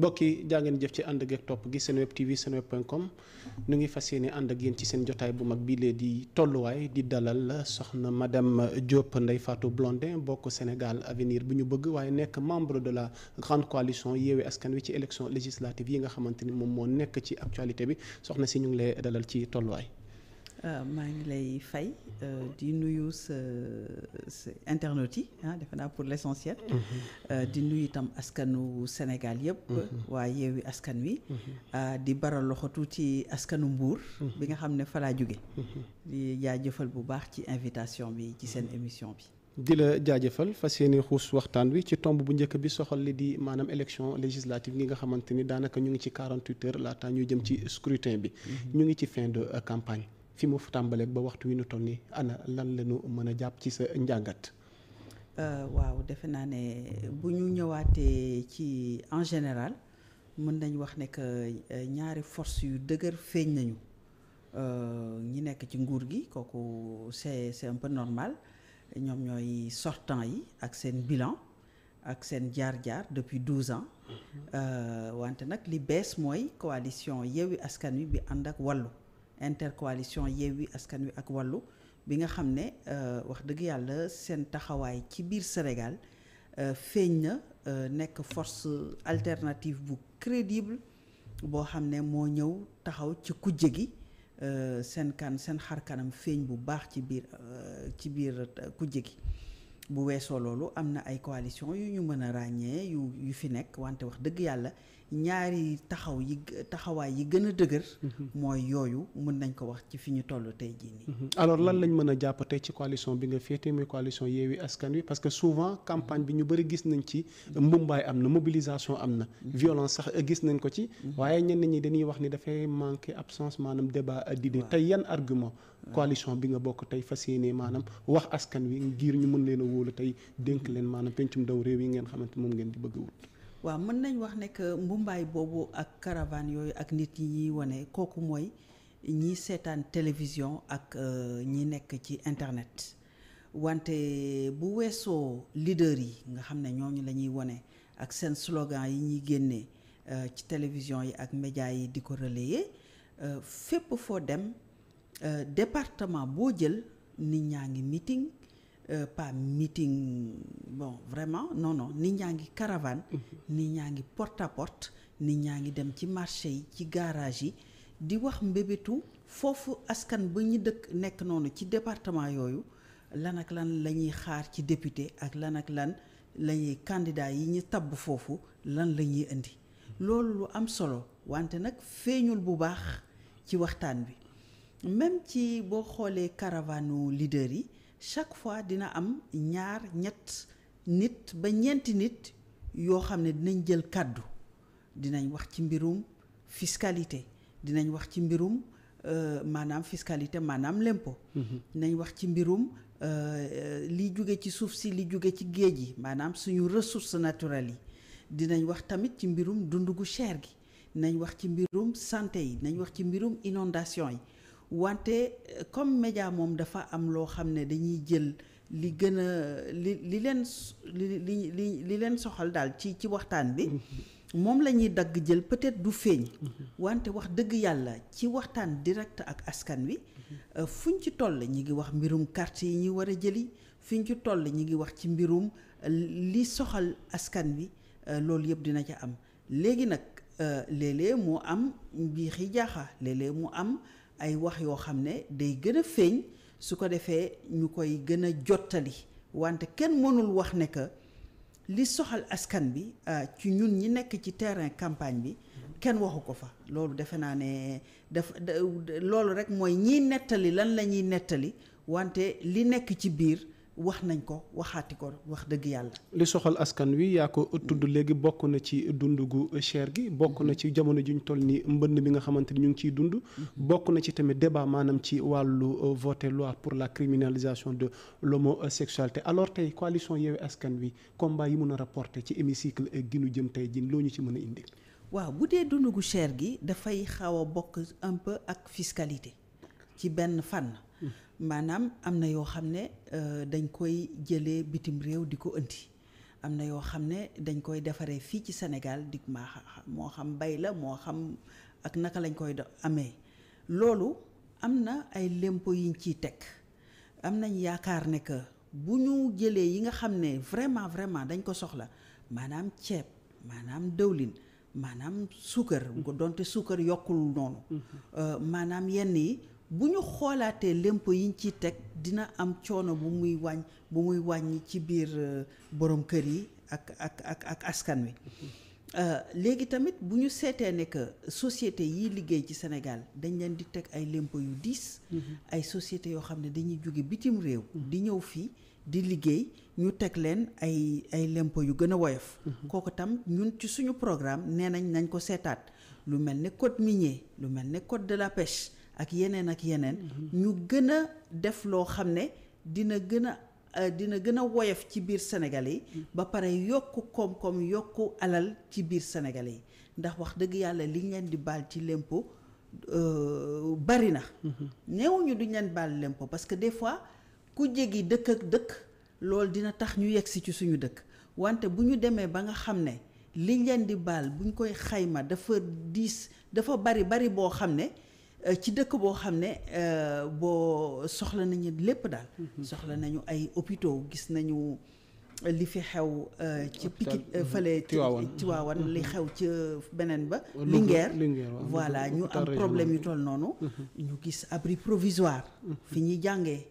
mbokk yi jaa ngeen jëf ci ànd ak topp gi Senweb TV senweb.com nu ngi fas yéene ànd ak yéen ci seen jotaay bu mag bii lee di tolluwaay di dalal la soxna dem Diop Ndeye Fatou Blondin bokk Sénégal avenir bu ñu bëgg waaye nekk membre de la grande coalition Yewwi Askan Wi ci élection législative yi nga xamante ni moom moo nekk ci actualité bi soxna si ñu ngi lay dalal ci tolluwaay. Euh, maa ngi lay fay euh, di nuyu sa sa yi ah defe naa pour l'essentiel. Mhm. Euh, di nuyu itam askanu Sénégal yëpp. Mhm. waa yeewi askan wi. Mhm. Ah, di baral loxo ci askanu mbuur bi nga xam ne fa jóge di jaajëfal bu baax ci invitation bi ci seen émission bi. di la jaajëfal fas yéene xuus waxtaan wi ci tomb bu njëkk bi soxal ni di maanaam élection législative yi nga xamante ni daanaka ñu ngi ci 48 heures laata ñuy jëm ci scrutin bi. ñu ngi ci fin de campagne. fi mu tàmbaleeg ba waxtu wi nu toll nii ana lan la mën a jàpp ci sa njàngat. Euh, waaw defe naa ne bu ñu ñëwaatee ci en général mën nañ wax ne que euh, ñaari force yu dëgër feeñ nañu euh, ñi nekk ci nguur gi kooku c'est c'est un peu normal ñoom ñooy sortant yi ak seen billan ak seen jaar-jaar depuis 12 ans mm-hmm. wante nag li bees mooy coalition Yewwi Askan Wi bi ànd ak Wallu intercoalition Yewwi Askan Wi ak Wallu bi nga xam ne euh, wax dëgg yàlla seen taxawaay ci biir Sénégal euh, feeñ na euh, nekk force alternative bu crédible boo xam ne moo ñëw taxaw ci kujje gi seen kan seen xarkanam feeñ bu baax ci biir ci biir kujje gi bu weesoo loolu am na ay coalition yu ñu mën a ràññee yu yu fi nekk wante wax dëgg yàlla ñaari taxaw yi taxawaay yi gën a dëgër mhm. mooy yooyu mën nañ ko wax ci fi ñu toll tey jii nii mhm. alors lan mhm. lañ mën a jàppate ci coalition bi nga féete muy coalition Yewwi Askan Wi parce que souvent campagne bi ñu bëri gis nañ ci mbumbaay am na mobilisation am na violence sax gis nañ ko ci waaye ñenn ñi dañuy wax ni dafay manqué absence maanaam débat euh, d'idées tey yan argument coalition bi nga bokk tey fas yéene maanaam wax askan wi ngir ñu mën leen a wóolu tey dénk leen maanaam pencum ndaw réew yi ngeen xamante moom ngeen di bëgg a wut. waaw mën nañ wax ne que mbumbaay boobu ak caravane yooyu ak nit yi ñuy wane kooku mooy ñi seetaan télévision ak euh, ñi nekk ci internet wante bu weesoo leader yi nga xam ne ñooñu la ñuy wane ak seen slogan yi ñuy génnee euh, ci télévision yi ak média yi di ko relayer euh, fépp foo dem Euh, département boo jël nit ñaa ngi mitin euh, pas meeting bon vraiment non non nit ñaa ngi caravane. Mhm. nit ñaa ngi porte à porte nit ñaa ngi dem ci marché yi ci garage yi di wax mbébétu foofu askan ba ñu dëkk nekk noonu ci département yooyu lan ak lan la ñuy xaar ci député ak lan lan la ñuy candidat yi ñu tabb foofu lan la ñuy indi loolu lu am solo wante nag feeñul bu baax ci waxtaan bi même ci boo xoolee caravanu leader yi chaque fois dina am ñaar ñett nit ba ñeenti nit yoo xam ne dinañ jël kàddu dinañ wax ci mbirum fiscalité dinañ wax ci mbirum euh, maanaam fiscalité maanaam l'impôt mm-hmm. dinañ wax ci mbirum euh, li jóge ci suuf si li jóge ci géej yi maanaam suñu ressources naturelles yi dinañ wax tamit ci mbirum dund gu cher gi nañ wax ci mbirum santé yi dinañ wax ci mbirum inondation yi wante euh, comme média moom dafa am loo xam ne dañuy jël li gën a li leen li li li leen soxal daal ci ci waxtaan bi mm-hmm. moom la ñuy dagg jël peut-être du feeñ mm-hmm. wante wax dëgg yàlla ci waxtaan direct ak askan wi mm-hmm. euh, fuñ ci toll ñi ngi wax mbirum carte yi ñuy war a jëli fuñ ci toll ñi ngi wax ci mbirum euh, li soxal askan wi loolu yëpp dina ca am léegi nag léeg-léeg mu am mbiixi jaaxa léeg-léeg mu am ay wax yoo xam ne day gën a feeñ su ko defee ñu koy gën a jottali wante kenn mënul wax ne que li soxal askan bi euh, ci ñun ñi nekk ci terrain campagne bi kenn waxu ko fa loolu defe naa ne daf loolu rek mooy ñiy nettali lan la ñuy nettali wante li nekk ci biir wax nañ ko waxaati ko wax dëgg yàlla. li soxal askan wi yaa ko tudd léegi bokk na ci dund gu cher gi. bokk na ci jamono juñ toll ni mbënn bi nga xamante ni ñu ngi ciy dund. bokk na ci tamit débat maanaam ci wàllu euh, voté loi pour la criminalisation de l'homosexualité alors tey coalition Yewwi Askan Wi combat yi mun a rapporter ci hémicycle gi nu jëm tey jii loo ñu ci mën a indi. waaw bu dee dund gu cher gi dafay xaw a bokk un ak fiscalité ci benn fànn. maanaam am na yoo xam ne euh, dañ koy jëlee bitim réew di ko ëndi am na yoo xam ne dañ koy defaree fii ci Sénégal di ma moo xam bay la moo xam ak naka lañ koy amee loolu am na ay lempo yiñ ciy teg am nañ yaakaar ne que bu ñu jëlee yi nga xam ne vraiment vraiment dañ ko soxla maanaam ceeb maanaam dëwlin maanaam suukar. ko mm-hmm. donte suukar yokkul noonu. Mm-hmm. Euh, maanaam yenn yi bu ñu xoolaatee lempo yiñ ci teg dina am coono bu muy wàññ bu muy wàññ ci biir euh, borom kër yi ak ak ak ak askan wi euh, léegi tamit bu ñu seetee ne que société yiy liggéey ci Sénégal dañ leen di teg ay lempo yu diis. Mm-hmm. ay société yoo xam ne dañuy jóge bitim réew. Mm-hmm. di ñëw fii di liggéey ñu teg leen ay ay lempo yu gën a woyof. Mm-hmm. kooku tam ñun ci suñu programme nee nañ nañ ko seetaat lu mel ne code minier lu mel ne code de la pêche. ak yeneen ak yeneen. Mhm. ñu gën a def loo xam ne dina gën a. Euh, dina gën a woyof ci biir Sénégal yi mhm. ba pare yokk koom-koom yokk alal ci biir Sénégal yi ndax wax dëgg yàlla li leen di baal ci lempo euh, bari na mhm. néewuñu duñ leen baal lempo parce que des fois ku jéggi dëkk ak dëkk loolu dina tax ñu yegsi ci suñu dëkk wante bu ñu demee ba nga xam ne li leen di baal buñ koy xayma dafa diis dafa bari bari boo xam ne Euh, ci dëkk boo xam ne euh, boo soxla nañu lépp daal. Mhm. soxla nañu ay hôpitaux gis nañu euh, li fi xew. ci Pikine mhm. fële Tiwaawan li mhm. xew ca beneen ba. Linguère voilà ñu am problème yu toll noonu. ñu gis abri provisoire. fi ñuy jàngee.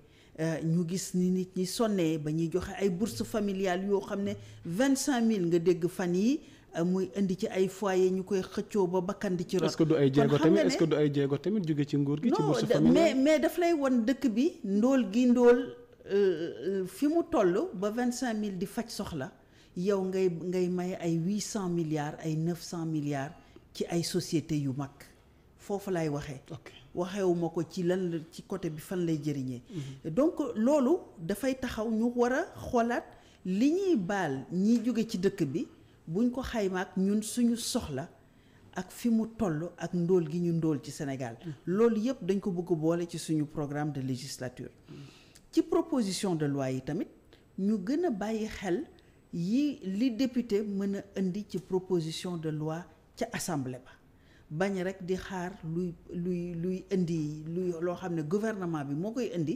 ñu gis ni nit ñi sonnee ba ñuy joxe ay bourses familiales yoo xam ne vingt cinq mille nga dégg fan yi Euh, muy indi ci ay foyer ñu koy xëccoo ba bakkan di ci rot. est-ce que du ay jéego tamit est du ay jéego tamit jóge ci nguur gi. ci bourse familiale mais mais daf lay won dëkk bi ndool gi ndóol euh, euh, fi mu toll ba vingt cinq mille di faj soxla yow ngay ngay may ay huit cent milliards ay neuf cent milliards ci ay société yu mag foofu laay waxee. waxewuma ko ci lan ci côté bi fan lay jëriñee. Mhm. donc loolu dafay taxaw ñu war a xoolaat li ñuy baal ñiy jóge ci dëkk bi. buñ ko xaymaak ñun suñu soxla ak fi mu toll ak ndóol gi ñu ndool ci Sénégal loolu yëpp dañ ko bëgg boole ci suñu programme de législature ci proposition de loi yi tamit ñu gën a bàyyi xel yi li député mën a indi ci proposition de loi ca assemblée ba bañ rek di xaar luy luy luy indi luy loo xam ne gouvernement bi moo koy indi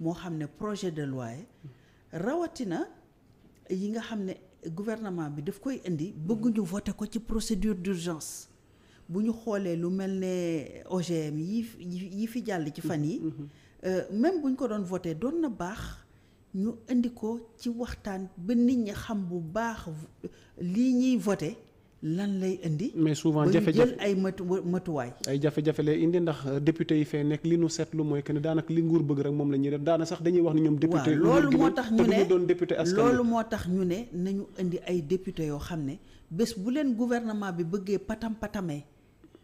moo xam ne projet de loi rawatina yi nga xam ne gouvernement bi daf koy indi bëgguñu voté ko ci procédure d'urgence bu ñu xoolee lu mel ne OGM yi yi fi jàll ci fan yi mhm. euh, même bu ñu ko doon voté doon na baax ñu indi ko ci waxtaan ba nit ñi xam bu baax euh, lii ñuy voté lan lay indi. mais souvent jafe-jafe jël ay matu matuwaay. ay jafe-jafe indi ndax député yi fee nekk li nu seetlu mooy que ne daanaka li nguur bëgg rek moom la ñuy def daana sax dañuy wax ni ñoom. député loolu moo tax ñu ne doon député loolu moo tax ñu ne nañu indi ay député yoo xam ne bés bu leen gouvernement bi bëggee patam patamee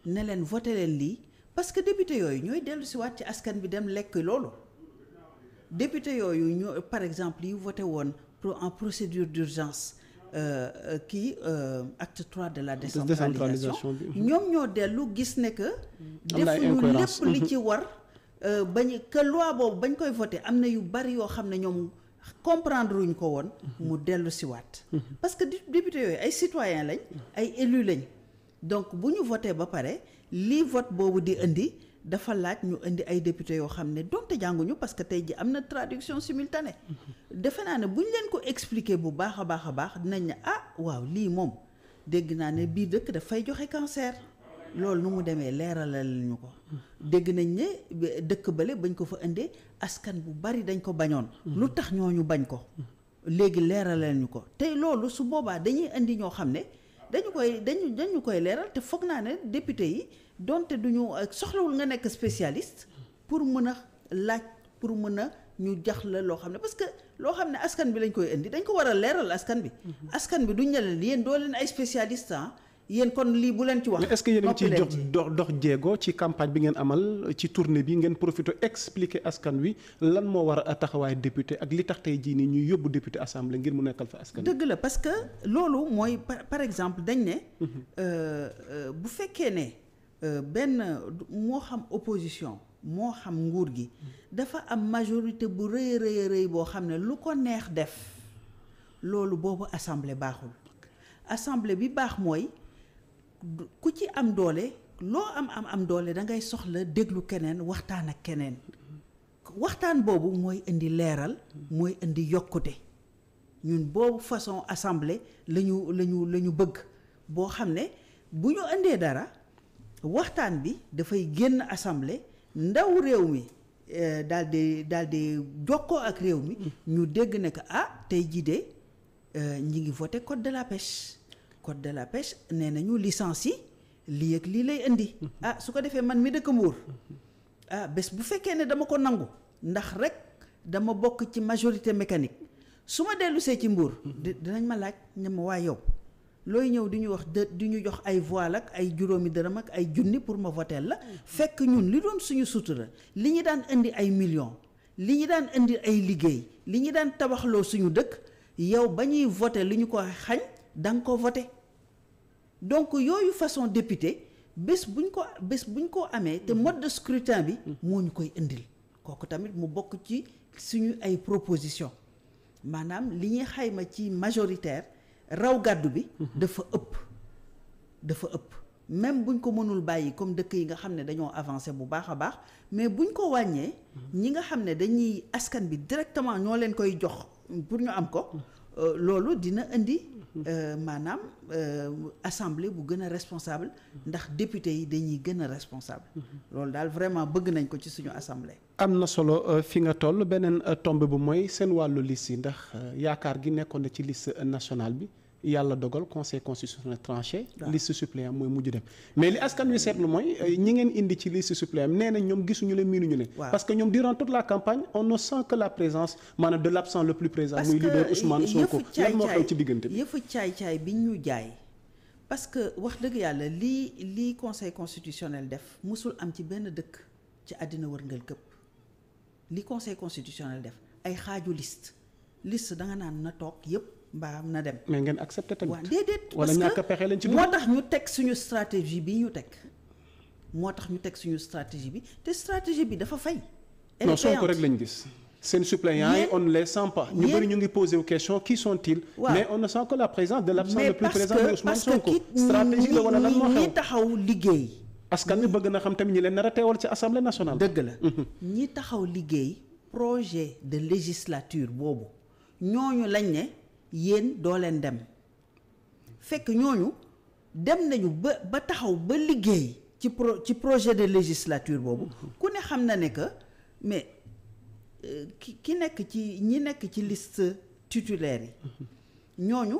ne leen voté leen lii parce que député yooyu ñooy dellu si waat ci askan bi dem lekk loolu député yooyu ñoo par exemple yi voté woon en procédure d'urgence Euh, euh, kii euh, acte trois de la décentralisation mhm. ñoom ñoo dellu gis ne que defuñu lépp li mhm. ci war bañ que boobu bañ koy voté am na yu bari yoo xam ne ñoom comprendre wuñ ko woon mhm. mu dellu si waat parce que député yooyu ay citoyen lañ ay élu lañ donc bu ñu voté ba pare lii vote boobu di indi dafa laaj ñu indi ay député yoo xam ne donte jànguñu parce que tey ji am na traduction simultanée defe naa ne bu buñ leen ko expliquer bu baax a baax a baax dinañ ne ah waaw lii moom dégg naa ne bii dëkk dafay joxe cancer loolu nu mu demee leeralal ñu ko dégg nañ ne dëkk bale bañ ko fa indee askan bu bari dañ ko bañoon lu tax ñoo ñu bañ ko léegi leeralal ñu ko tey loolu su boobaa dañuy indi ñoo xam ne dañu koy dañu dañu koy leeral te foog naa ne député yi donte du ñu euh, soxlawul nga nekk spécialiste pour mën a laaj pour mën a ñu jax la loo xam ne parce que loo xam ne askan bi lañ koy indi dañ ko war a leeral askan bi. Mhm. askan bi du ne leen yéen doo leen ay spécialiste ah kon lii bu leen ci wax. mais est-ce que yéen a ngi ciy jox dox dox jéego ci campagne bi ngeen amal ci tournée bi ngeen profité expliquer askan wi lan moo war a taxawaay député ak li tax tey jii nii ñuy yóbbu député assemblée ngir mu nekkal fa askan dëgg la parce que loolu mooy par exemple dañ ne. Mhm. Euh, euh, bu fekkee ne. Euh, benn moo xam opposition moo xam nguur gi dafa am majorité bu rëy rëy rëy boo xam ne lu ko neex def loolu boobu assemblée baaxul assemblée bi baax mooy ku ci am doole loo am am am doole da ngay soxla déglu keneen waxtaan ak keneen waxtaan boobu mooy indi leeral mooy indi yokkute ñun boobu façon assemblée lañu lañu la ñu bëgg boo xam ne bu ñu indee dara waxtaan bi dafay génn assemblée ndaw réew mi euh, daal di daal di jokkoo ak réew mi ñu dégg ne que ah tey jii de euh, ñi ngi voté code de la pêche code de la pêche nee nañu licence yi li ak lii lay indi ah su ko defee man mi dëkk Mbuur ah bés bu fekkee ne dama ko nangu ndax rek dama bokk ci majorité mécanique su ma dellusee ci Mbuur dinañ ma laaj ne yow looy ñëw di ñu wax de di ñu jox ay voile ak ay juróomi dërëm ak ay junni pour ma votel la mm-hmm. fekk ñun li doon suñu sutura li ñu daan indi ay millions li ñu daan indi ay liggéey li ñu daan tabaxloo suñu dëkk yow ba ñuy voté li ñu ko xañ da nga ko voté donc yooyu façon député bés buñ ko bés buñ ko amee te mm-hmm. mode de scrutin bi mm-hmm. moo ñu koy indil kooku tamit mu bokk ci suñu ay proposition maanaam li ñuy xayma ci majoritaire raw gàddu bi dafa ëpp dafa ëpp même buñ ko mënul bàyyi comme dëkk yi nga xam ne dañoo avancer bu baax a baax mais buñ ko wàññee ñi nga xam ne dañuy askan bi directement ñoo leen koy jox pour ñu am ko euh, loolu dina indi euh, maanaam euh, assemblée bu gën a responsable ndax député yi dañuy gën a responsable loolu daal vraiment bëgg nañ ko ci suñu assemblée am na solo fi nga toll beneen tomb bu mooy seen wàllu liste yi ndax yaakaar gi nekkoon na ci liste nationale bi yàlla dogal conseil constitutionnel tranché liste suppléant mooy mujj dem mais li askan wi seet seetlu mooy euh, ñi ngeen indi ci liste suppléant nee na ñoom gisuñu leen miinuñu leen parce que ñoom durant toute la campagne on ne sent que la présence maanaam de l' absent le plus présent muy leader Ousmane Sonko lan yëfu caay-caay bi ñu jaay parce que wax dëgg yàlla lii lii conseil constitutionnel def mosul am ci benn dëkk ci àddina wërngal këpp li conseil constitutionnel def ay xaaju list liste da naan na toog yëpp mbaa na dem. mais ngeen accepté tamit. waaw déedéet wala ñàkk a pexe lañ ci moo tax ñu teg suñu stratégie bi ñu teg moo tax ñu teg suñu stratégie bi te stratégie bi dafa fay. non Sonko rek lañ gis. seen suppléants yi on ne les ñu bëri ñu ngi posé wu question qui sont-ils. waaw mais on ne sent que la présence de l'absent le plus présent de Ousmane Sonko. bëgg na xam tamit ñi leen nar a teewal ci assemblée nationale. dëgg la mhm. ñi taxaw liggéey projet de législature boobu ñooñu lañ ne yéen doo leen dem fekk ñooñu dem nañu ba ba taxaw ba liggéey ci pro ci projet de législature boobu ku ne xam na ne que mais euh, ki ki nekk ci ñi nekk ci list titulaire yi ñooñu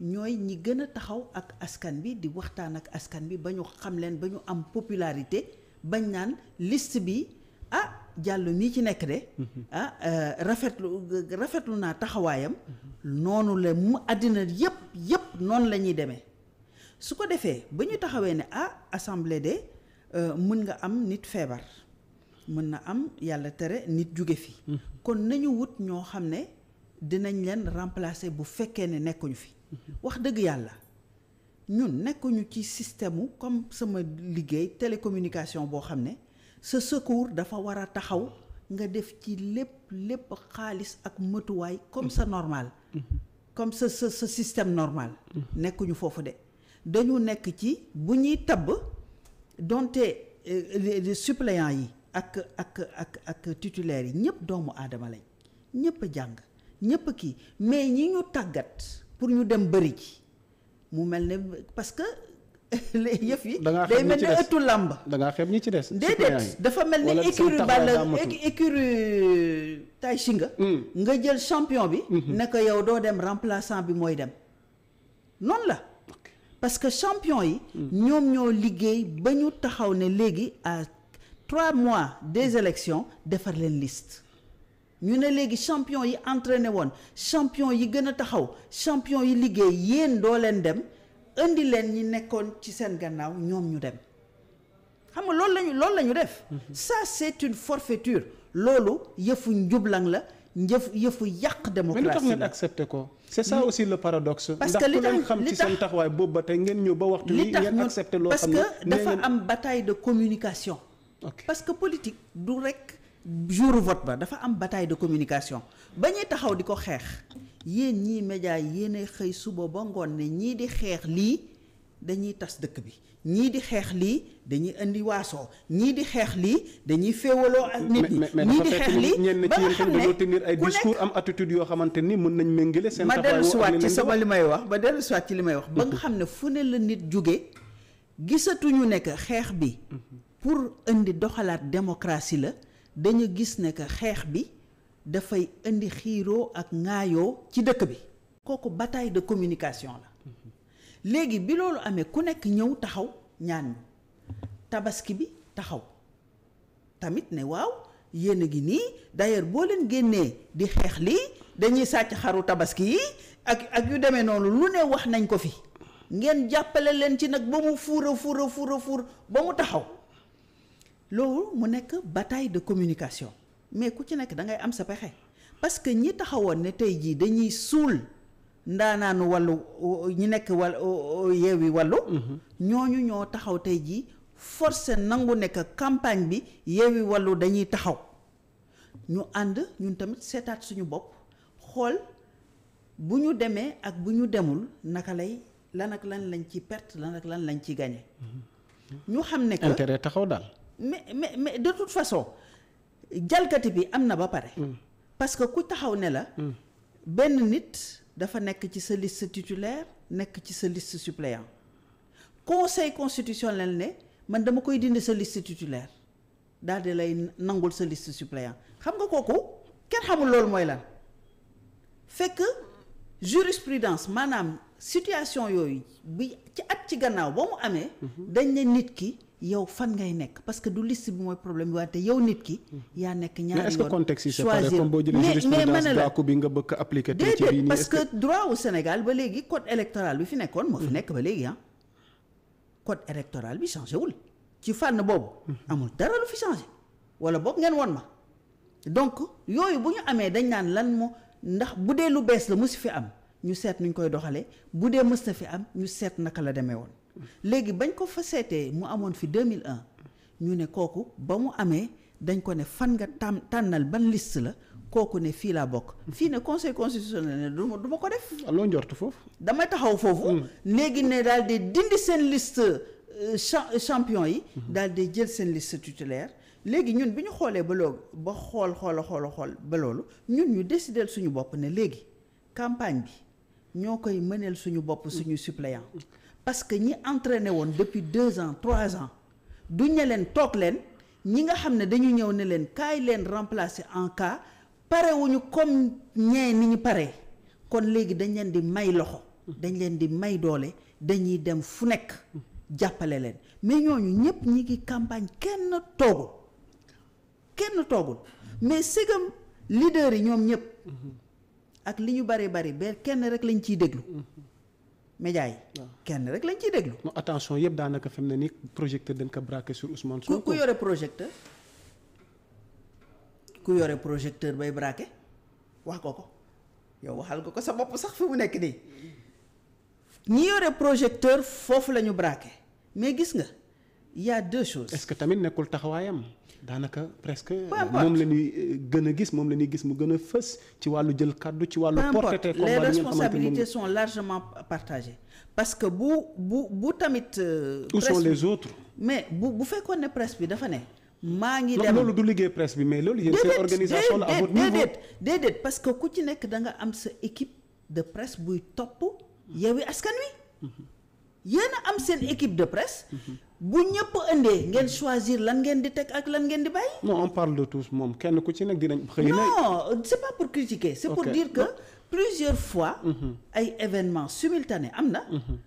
ñooy ñi gën a taxaw ak askan bi di waxtaan ak askan bi ba ñu xam leen ba ñu am popularité bañ naan list bi ah jàll mii ci nekk de mhm. ah euh, rafetlu rafetlu naa taxawaayam mhm. noonu la mu àddina yëpp yëpp noonu la ñuy demee su ko defee ba ñu taxawee ne ah assemblée de euh, mën nga am nit feebar mën na am yàlla tere nit jóge fi mm-hmm. kon nañu wut ñoo xam ne dinañ leen remplacer bu fekkee ne nekkuñu fi mm-hmm. wax dëgg yàlla ñun nekkuñu ci système comme sama liggéey télécommunication boo xam ne sa secours dafa war a taxaw nga def ci lépp lépp xaalis ak mëtuwaay comme mm-hmm. sa normal comme sa sa sa système normal nekkuñu foofu de dañu nekk ci bu ñuy tabb donte euh, suppléants yi ak ak ak ak titulaires yi ñëpp doomu aadama lañ ñëpp jàng ñëpp ki mais ñi ñu tàggat pour ñu dem bëri ji mu mel ne parce léegi yëf yi day mel ni ëttu làmb ci des déedéet dafa mel ni écurie Balla écurie euh, Tay Shinga mm. nga jël champion bi mm-hmm. ne yow doo dem remplaçant bi mooy dem noonu la parce que champion yi mm. ñoom ñoo liggéey ba ñu taxaw ne léegi à trois mois des mm. élections defar leen list ñu ne léegi champion yi entraîné woon champion yi gën a taxaw champion yi liggéey yéen doo leen dem indi leen ñi nekkoon ci seen gannaaw ñoom ñu dem xam nga loolu lañu lool la ñu def mhm. ça c'est une forfaiture loolu yëfu njublang la njëf yëfu yàq démocratie mais lu tax ngeen accepté ko c'est ça hmm. le paradoxe parce que li tax xam ci seen taxawaay boobu ba tey ngeen ñëw ba waxtu wi ngeen accepté loo xam ne parce que dafa am bataille de communication parce que politique du rek jour vote ba dafa am bataille de communication ba ñuy taxaw di ko xeex yéen ñii média yéenay xëy suba ba ngoon ne ñii di xeex lii dañuy tas dëkk bi ñii di xeex lii dañuy indi waasoo ñii di xeex lii dañuy féewaloo ak nit ñi ñii di xeex lii ba nga ay discours am attitude yoo xamante ni mën nañ méngale seen ma dellu siwaat ci sama li may wax ba dellu siwaat ci li may wax ba nga xam ne fu ne la nit jóge gisatuñu ne que xeex bi mhm. pour indi doxalaat démocratie la dañu gis ne que xeex bi dafay indi xiiroo ak ŋaayoo ci dëkk bi kooku bataille de communication la léegi bi loolu amee ku nekk ñëw taxaw ñaan ñu tabaski bi taxaw tamit ne waaw yéen gi nii d'ailleurs boo leen génnee di xeex lii dañuy sàcc xaru tabaski yi ak ak yu demee noonu lu ne wax nañ ko fi ngeen jàppale leen ci nag ba mu fuura fuura fuura fuur ba mu taxaw loolu mu nekk bataille de communication mais ku ci nekk dangay am sa pexe parce que ñi taxawoon ne tey jii dañuy suul ndaanaanu wàllu ñi nekk wàll yeewi wàllu ñooñu ñoo taxaw tey jii forcé nangu nekk campagne bi yeewi wàllu dañuy taxaw ñu ànd ñun tamit seetaat suñu bopp xool bu ñu demee ak bu ñu demul naka lay lan ak lan lañ ci perte lan ak lan lañ ci gagné. Mm-hmm. ñu xam ne que taxaw daal. mais mais mais façon. jalgati bi am na ba pare. Mm. parce que ku taxaw ne la. Mm. benn nit dafa nekk ci sa liste titulaire nekk ci sa liste suppléant conseil constitutionnel ne man dama koy dindi sa liste titulaire daal di lay nangul sa liste suppléant xam nga kooku kenn xamul loolu mooy lan fekk jurisprudence maanaam situation yooyu bi ci at ci gannaaw ba mu amee. Mm-hmm. dañ ne nit ki. yow fan ngay nekk parce que du liste bi mooy problème bi te yow nit ki. yaa nekk ñaari yoon mais que contexte yi c'est pareil comme boo jëlee jurisprudence dàkku bi nga bëgg appliquer. tey ci que droit wu Sénégal ba léegi code électoral bi fi nekkoon. moo fi hmm. nekk ba léegi ah. code électoral bi changé wul. ci fànn boobu. Hmm. amul dara lu fi changé. wala boog ngeen woon ma. donc yooyu bu ñu amee dañ naan lan moo ndax bu dee lu bees la mu si fi am ñu seet nuñ koy doxalee bu dee mës na fi am ñu seet naka la demee woon. léegi bañ ko fa seetee mu amoon fi 2001 ñu ne kooku ba mu amee dañ ko ne fan nga tam tànnal ban liste la kooku ne fii laa bokk. fii ne conseil constitutionnel duma du ko def. Ah, loo njortu foofu. damay taxaw foofu. Hmm. léegi ne daal di dindi seen liste euh, champion yi. Hmm. daal di jël seen liste tutélaire. léegi ñun bi ñu xoolee ba loolu ba xool xoola xoola xool ba loolu ñun ñu décider suñu bopp ne léegi campagne bi. ñoo koy mëneel suñu bopp suñu suppléant parce que ñi entraîné woon depuis deux ans trois ans du ñe leen toog leen ñi nga xam ne dañu ñëw ne leen kaay leen remplacer en cas parewuñu wuñu comme ñee ni ñu paree kon léegi dañ leen di may loxo dañ leen di may doole dañuy dem fu nekk jàppale leen mais ñooñu ñëpp ñi ngi campagne kenn toogul kenn toogul mais sëgam leader yi ñoom ñëpp ak li ñu bari bari ba kenn rek lañ ciy déglu. Mhm. média yi. kenn rek lañ ciy déglu. non attention yëpp daanaka fi mu ne nii projecteur dañ ko braqué sur Ousmane ko ku yore projecteur ku yore projecteur bay braqué wax ko ko yow waxal ko ko sa bopp sax fi mu nekk nii ñi yore projecteur foofu la ñu braqué mais gis nga. il y a deux choses. est-ce que tamit nekkul taxawaayam daanaka presque. Euh, moom la ñuy euh, gën a gis moom la ñuy gis mu gën a fës ci wàllu jël kàddu ci wàllu. porté les responsabilités sont largement parce que bu bu bu tamit. Euh, où sont les autres. mais bu bu fekkoon ne presse bi dafa ne. maa ngi dem loolu du liggéey presse bi mais loolu. yéen seen organisation la à votre niveau déedéet déedéet ku ci nekk da am sa de presse buy topp Yewwi Askan mhm. am seen équipe de presse. Mhm. bu ñëpp indee ngeen choisir lan ngeen di teg ak lan ngeen di bàyyi. non on parle de tous moom kenn ku ci nekk dinañ. xëy na non c'est pas pour critiquer. c'est pour dire que plusieurs fois. Mhm. ay événements simultanés am na. Mhm.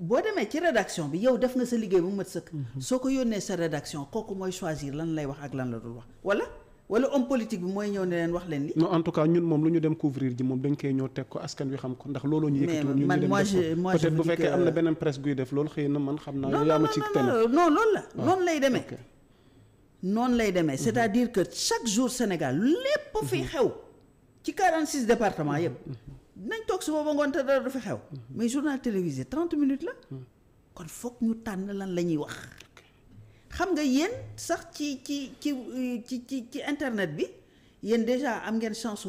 boo demee ci rédaction bi yow def nga sa liggéey bu mat sëkk. Mhm. soo ko yónnee sa rédaction kooku mooy choisir lan lay wax ak lan la dul wax wala. wala homme politique bi mooy ñëw ne leen wax leen li non en tout cas ñun moom lu ñu dem couvrir ji moom dañ koy ñëw teg ko askan wi xam ko ndax looloo ñu yëkkati man moi je bu fekkee am na beneen presse guy def loolu xëy na man xam naa yow yaa ma ci tene non loolu la ah. noonu lay demee noonu lay demee mhm. c'est-à-dire que chaque jour Sénégal lépp fi mhm. xew ci 46 départements yëpp mhm. nañ toog suba ba ngoon te dara du fi xew mais journal télévisé 30 la kon foog ñu tànn lan la ñuy wax xam nga yéen sax ci ci ci ci ci ci internet bi yéen déjà am ngeen chance su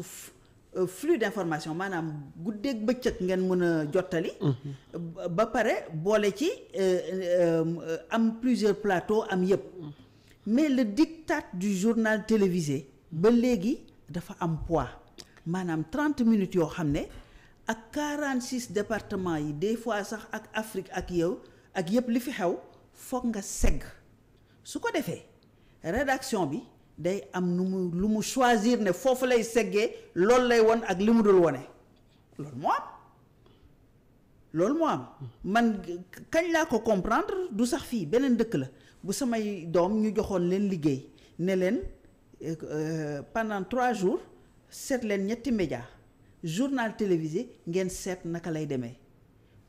euh, flux d'information maanaam guddeeg bëccëg ngeen mën a jottali. Mm-hmm. ba pare boole ci euh, euh, am plusieurs plateaux am yëpp. Mm-hmm. mais le diktat du journal télévisé ba léegi dafa am poids maanaam trente minutes yoo xam ne ak 46 départements yi des fois sax ak Afrique ak yow ak yëpp li fi xew foog nga segg. su ko defee rédaction bi day am nu mu lu mu choisir ne foofu lay seggee loolu lay won ak li mu dul wone loolu moo am loolu moo am man kañ laa ko comprendre du sax fii beneen dëkk la bu samay doom ñu joxoon leen liggéey ne leen euh, pendant trois jours seet leen ñetti média journal télévisé ngeen seet naka lay demee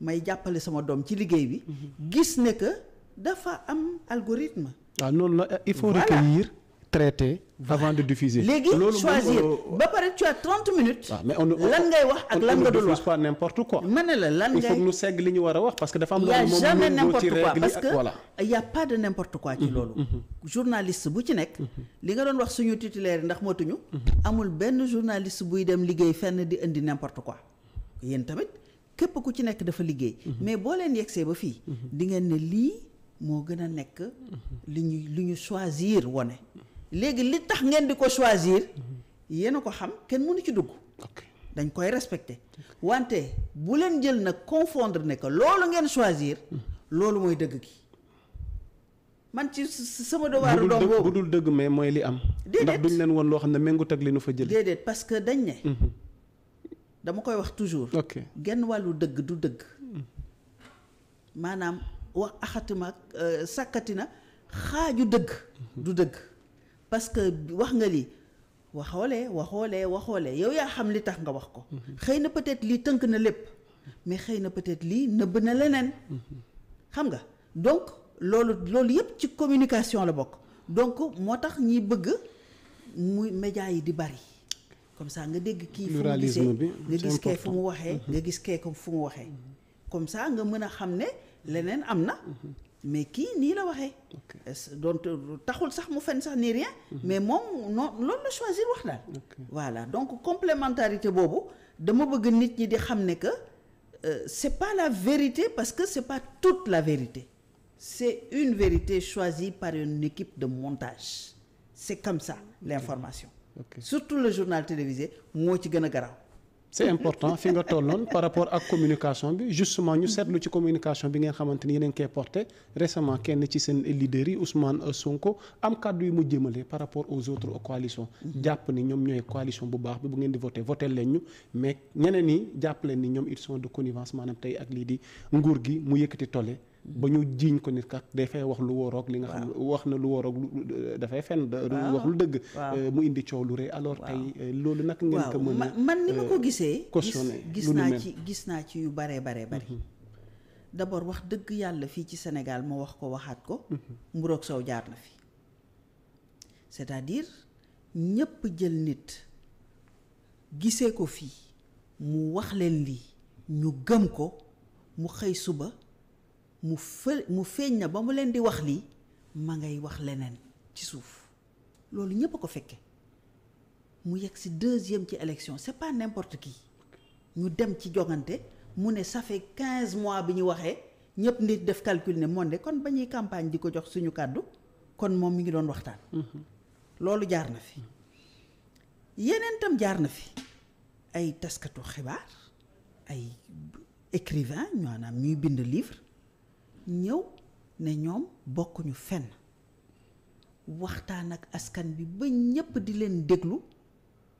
may jàppale sama doom ci liggéey bi mm-hmm. gis ne dafa am algorithme waaw ah, loolu la il faut recueillir traiter avant de diffuser. léegi choisir ba pare tu as 30 minutes. Ah, mais on lan ngay wax ak lan nga dul wax pas n'importe quoi. ma ne la lan ngay il faut que ñu segg li ñu war a wax parce que dafa am. loolu moom jamais n'importe quoi parce que y a pas de n'importe quoi ci mhm, loolu. Mhm. journaliste bu ci nekk. Mhm. li nga doon wax suñu titulaire ndax mootuñu. amul benn journaliste buy dem liggéey fenn di indi n'importe quoi yéen tamit képp ku ci nekk dafa liggéey. mais boo leen yegsee ba fii. di ngeen ne lii. moo gën a nekk li ñu li ñu choisir wone léegi li tax ngeen di ko choisir yéen a ko xam kenn mënu ci dugg dañ koy respecté wante bu leen jël nag confondre ne ko loolu ngeen choisir loolu mooy dëgg gi man ci sama dowaaru doom boobu bu dul dëgg mais mooy li am ndax duñ leen woon loo xam ne méngut ak li nu fa jël déedéet parce que dañ ne mhm. dama koy wax toujours genn wàllu dëgg du dëgg maanaam wax axatuma euh, sàkkati na xaaju dëgg mhm. du dëgg parce que wax nga lii waxoolee waxoolee waxoolee yow yaa xam li tax nga wax ko mhm. xëy na peut-être lii tënk na lépp mais xëy na peut-être lii nëbb na leneen mhm. xam nga donc loolu loolu yëpp ci communication la bokk donc moo tax ñi bëgg muy média yi di bari comme ça nga dégg kii fu mu gisee nga gis kee fu mu waxee nga gis kee ko fu waxee comme saa nga mën a xam ne leneen am na mais kii nii la waxee donc taxul sax mu fen sax ni rien mhm. mais moom non loolu la choisir wax daal voilà donc complémentarité boobu dama bëgg nit ñi di xam ne que euh, c'est pas la vérité parce que c'est pas toute la vérité c'est une vérité choisie par une équipe de montage c'est comme ça l'information surtout le journal télévisé moo ci gën a garaaw c'est important fi nga tolloon par rapport ak communication bi justement ñu seetlu ci communication bi ngeen xamante ni yeneen koy porté récemment kenn ci seen leaders yi Ousmane Sonko am kàddu yi mu jëmale par rapport aux autres coalitions mhm. jàpp ni ñoom ñooy coalition bu baax bi bu ngeen di voté voté leen ñu mais ñeneen ñi jàpp leen ni ñoom ils sont de connivence maanaam tey ak lii di nguur gi mu yëkkati tolle ba ñu jiiñ ko nit kat dafay wax lu wóoroog li nga xam wax na lu wóoroog dafay fen wax lu dëgg eh, mu indi coow lu rëy alors tey eh, loolu nag ngeen ko mën a man ni ma eh, ko gisee cautionné gis naa ci gis naa ci yu baree baree bari mhm. d'abord wax dëgg yàlla fii ci senegal ma wax ko waxaat ko mhm. mburoog soow jaar na fi c'est-à-dire ñépp jël nit gisee ko fii mu wax leen lii ñu gëm ko mu xëy suba mu fël mu feeñ na ba mu leen di wax lii ma ngay wax leneen ci suuf loolu ñëpp a ko fekkee mu yegg si deuxième ci élection c'est pas n'importe qui ñu dem ci jogante mu ne safe quinze mois bi ñu waxee ñëpp nit def calcul ne moom de kon ba ñuy campagne di ko jox suñu kàddu kon moom mi ngi doon waxtaan. Mm-hmm. loolu jaar na fi yeneen tam jaar na fi ay taskatu xibaar ay écrivain maanaam ñuy bind livre. ñëw ne ñoom bokkuñu fenn waxtaan ak askan bi ba ñëpp di leen déglu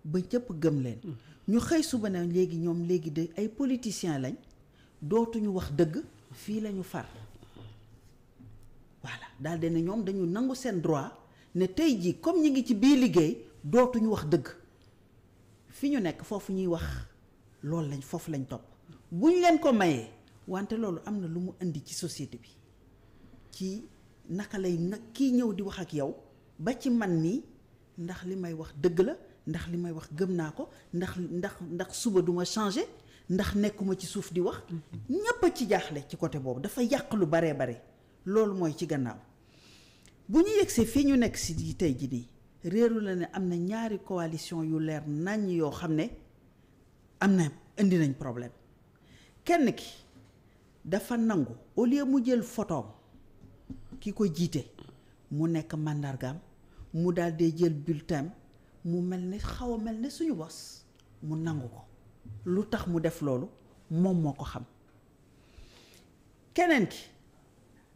ba ñépp gëm leen. Mm. ñu xëy suba ne léegi ñoom léegi de ay politiciens lañ dootuñu wax dëgg fii lañu far voilà daal de ne ñoom dañu nangu seen droit ne tey jii comme ñi ngi ci biir liggéey dootuñu wax dëgg fi ñu nekk foofu ñuy wax loolu lañ foofu lañ topp buñ leen ko mayee. wante loolu am na lu mu indi ci société bi ci naka lay nag kii ñëw di wax ak yow ba ci man nii ndax li may wax dëgg la ndax li may wax gëm naa ko ndax ndax ndax suba duma changer ndax nekkuma ci suuf di wax ñépp a ci jaaxle ci côté boobu dafa yàq lu baree bare loolu mooy ci gannaaw bu ñu yegsee fii ñu nekk si tey ji nii réeru la ne am na ñaari coalition yu leer nañ yoo xam ne am na indi nañ problème kenn ki dafa nangu au mu jël photoom ki ko jiite mu nekk màndargaam mu daal dee jël bulletin mu mel ni xaw a mel ni suñu bos mu nangu ko lu tax mu def loolu moom moo ko xam keneen ki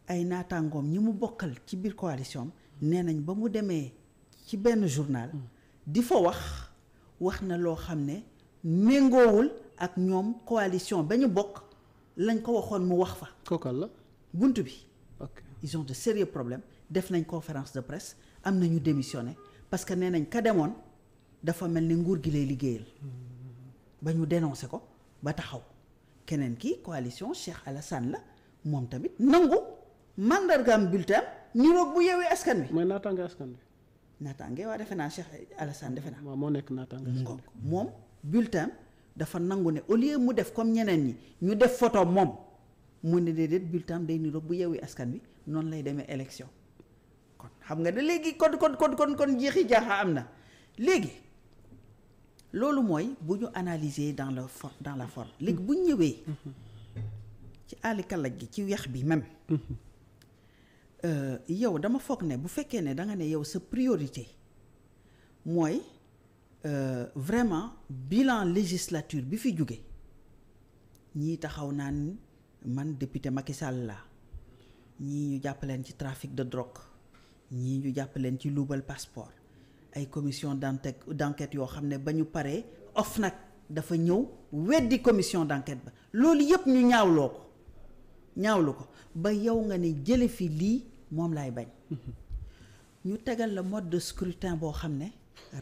ay naataangoom ñi mu bokkal ci biir coalition nee nañ ba mu demee ci benn journal di fa wax wax na loo xam ne méngoowul ak ñoom coalition ba ñu bokk lañ ko waxoon mu wax fa. kookal la bunt bi. ok ils ont de sérieux problèmes def nañ conférence de presse am na ñu démissionné parce que nee nañ ka demoon dafa mel ni nguur gi lay liggéeyal. ba ñu dénoncé ko ba taxaw keneen kii coalition Cheikh Alassane la moom tamit nangu mandargaam bulletin niroog bu yeewee askan bi mooy naataange askan wi. naataange waa defe naa Cheikh Alassane defe naa. waaw moo nekk naataange. moom bulletin. dafa nangu ne au lieu mu def comme ñeneen ñi ñu def foto moom mu ne déedéet bulletin day niroo bu yeewi askan wi noonu lay demee élection kon xam nga ne léegi kon kon kon kon jeexi jaaxa am na léegi loolu mooy bu ñu analyser dans le for dans la forme léegi bu ñu ñëwee ci àll gi ci weex bi même euh, yow dama foog ne bu fekkee ne da nga ne yow sa priorité mooy Euh, vraiment bilan législature bi fi jóge ñii taxaw naan man député Macky Sall la ñii ñu jàppaleen ci trafic de drogue ñii ñu jàppaleen ci loubal passeport ay commission d'enquête d'enquête yoo xam ne ba ñu paree nag dafa ñëw weddi commission d'enquête ba loolu yépp ñu ñaawloo ko ñaawlu ko ba yow nga ne jële fi lii moom laay bañ mm-hmm. ñu tegal la mode de scrutin boo xam ne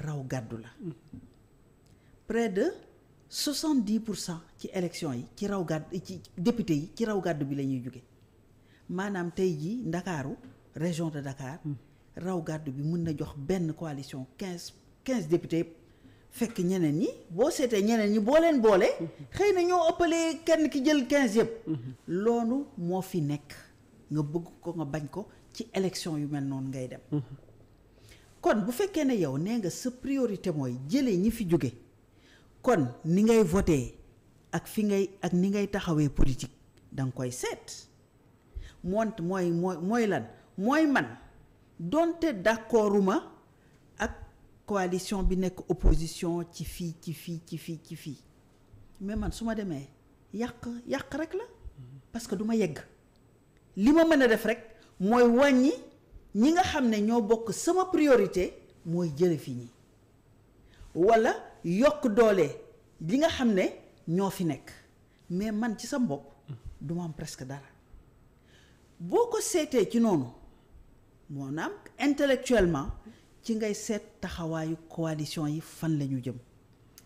raw gàddu la près de 70 pour cent ci élection yi ci raw gàddu ci député yi ci raw gàddu bi la ñuy jóge maanaam tey jii ndakaaru région de Dakar hmm. raw gàddu bi mën na jox benn coalition quinze 15 députés fekk ñeneen yi boo seetee ñeneen yi boo leen boole xëy na ñoo ëppalee kenn ki jël 15 yëpp hmm. loolu moo fi nekk nga bëgg ko nga bañ ko ci élection yu mel noonu ngay dem hmm. kon bu fekkee ne yow nee nga sa priorité mooy jëlee ñi fi jóge kon ni ngay voté ak fi ngay ak ni ngay taxawee politique da koy seet moont mooy mooy mooy lan mooy man donte d'accorduma ak coalition bi nekk opposition ci fii ci fii ci fii ci fii mais man su ma demee yàq yàq rek la parce que du yegg li ma mën a def rek mooy wàññi ñi nga xam ne ñoo bokk sama priorité mooy jële fi ñi wala yokk doole li nga xam ne ñoo fi nekk mais man ci sa bopp du am presque dara boo ko seetee ci noonu moo naam intellectuellement ci ngay seet taxawaayu coalition yi fan la ñu jëm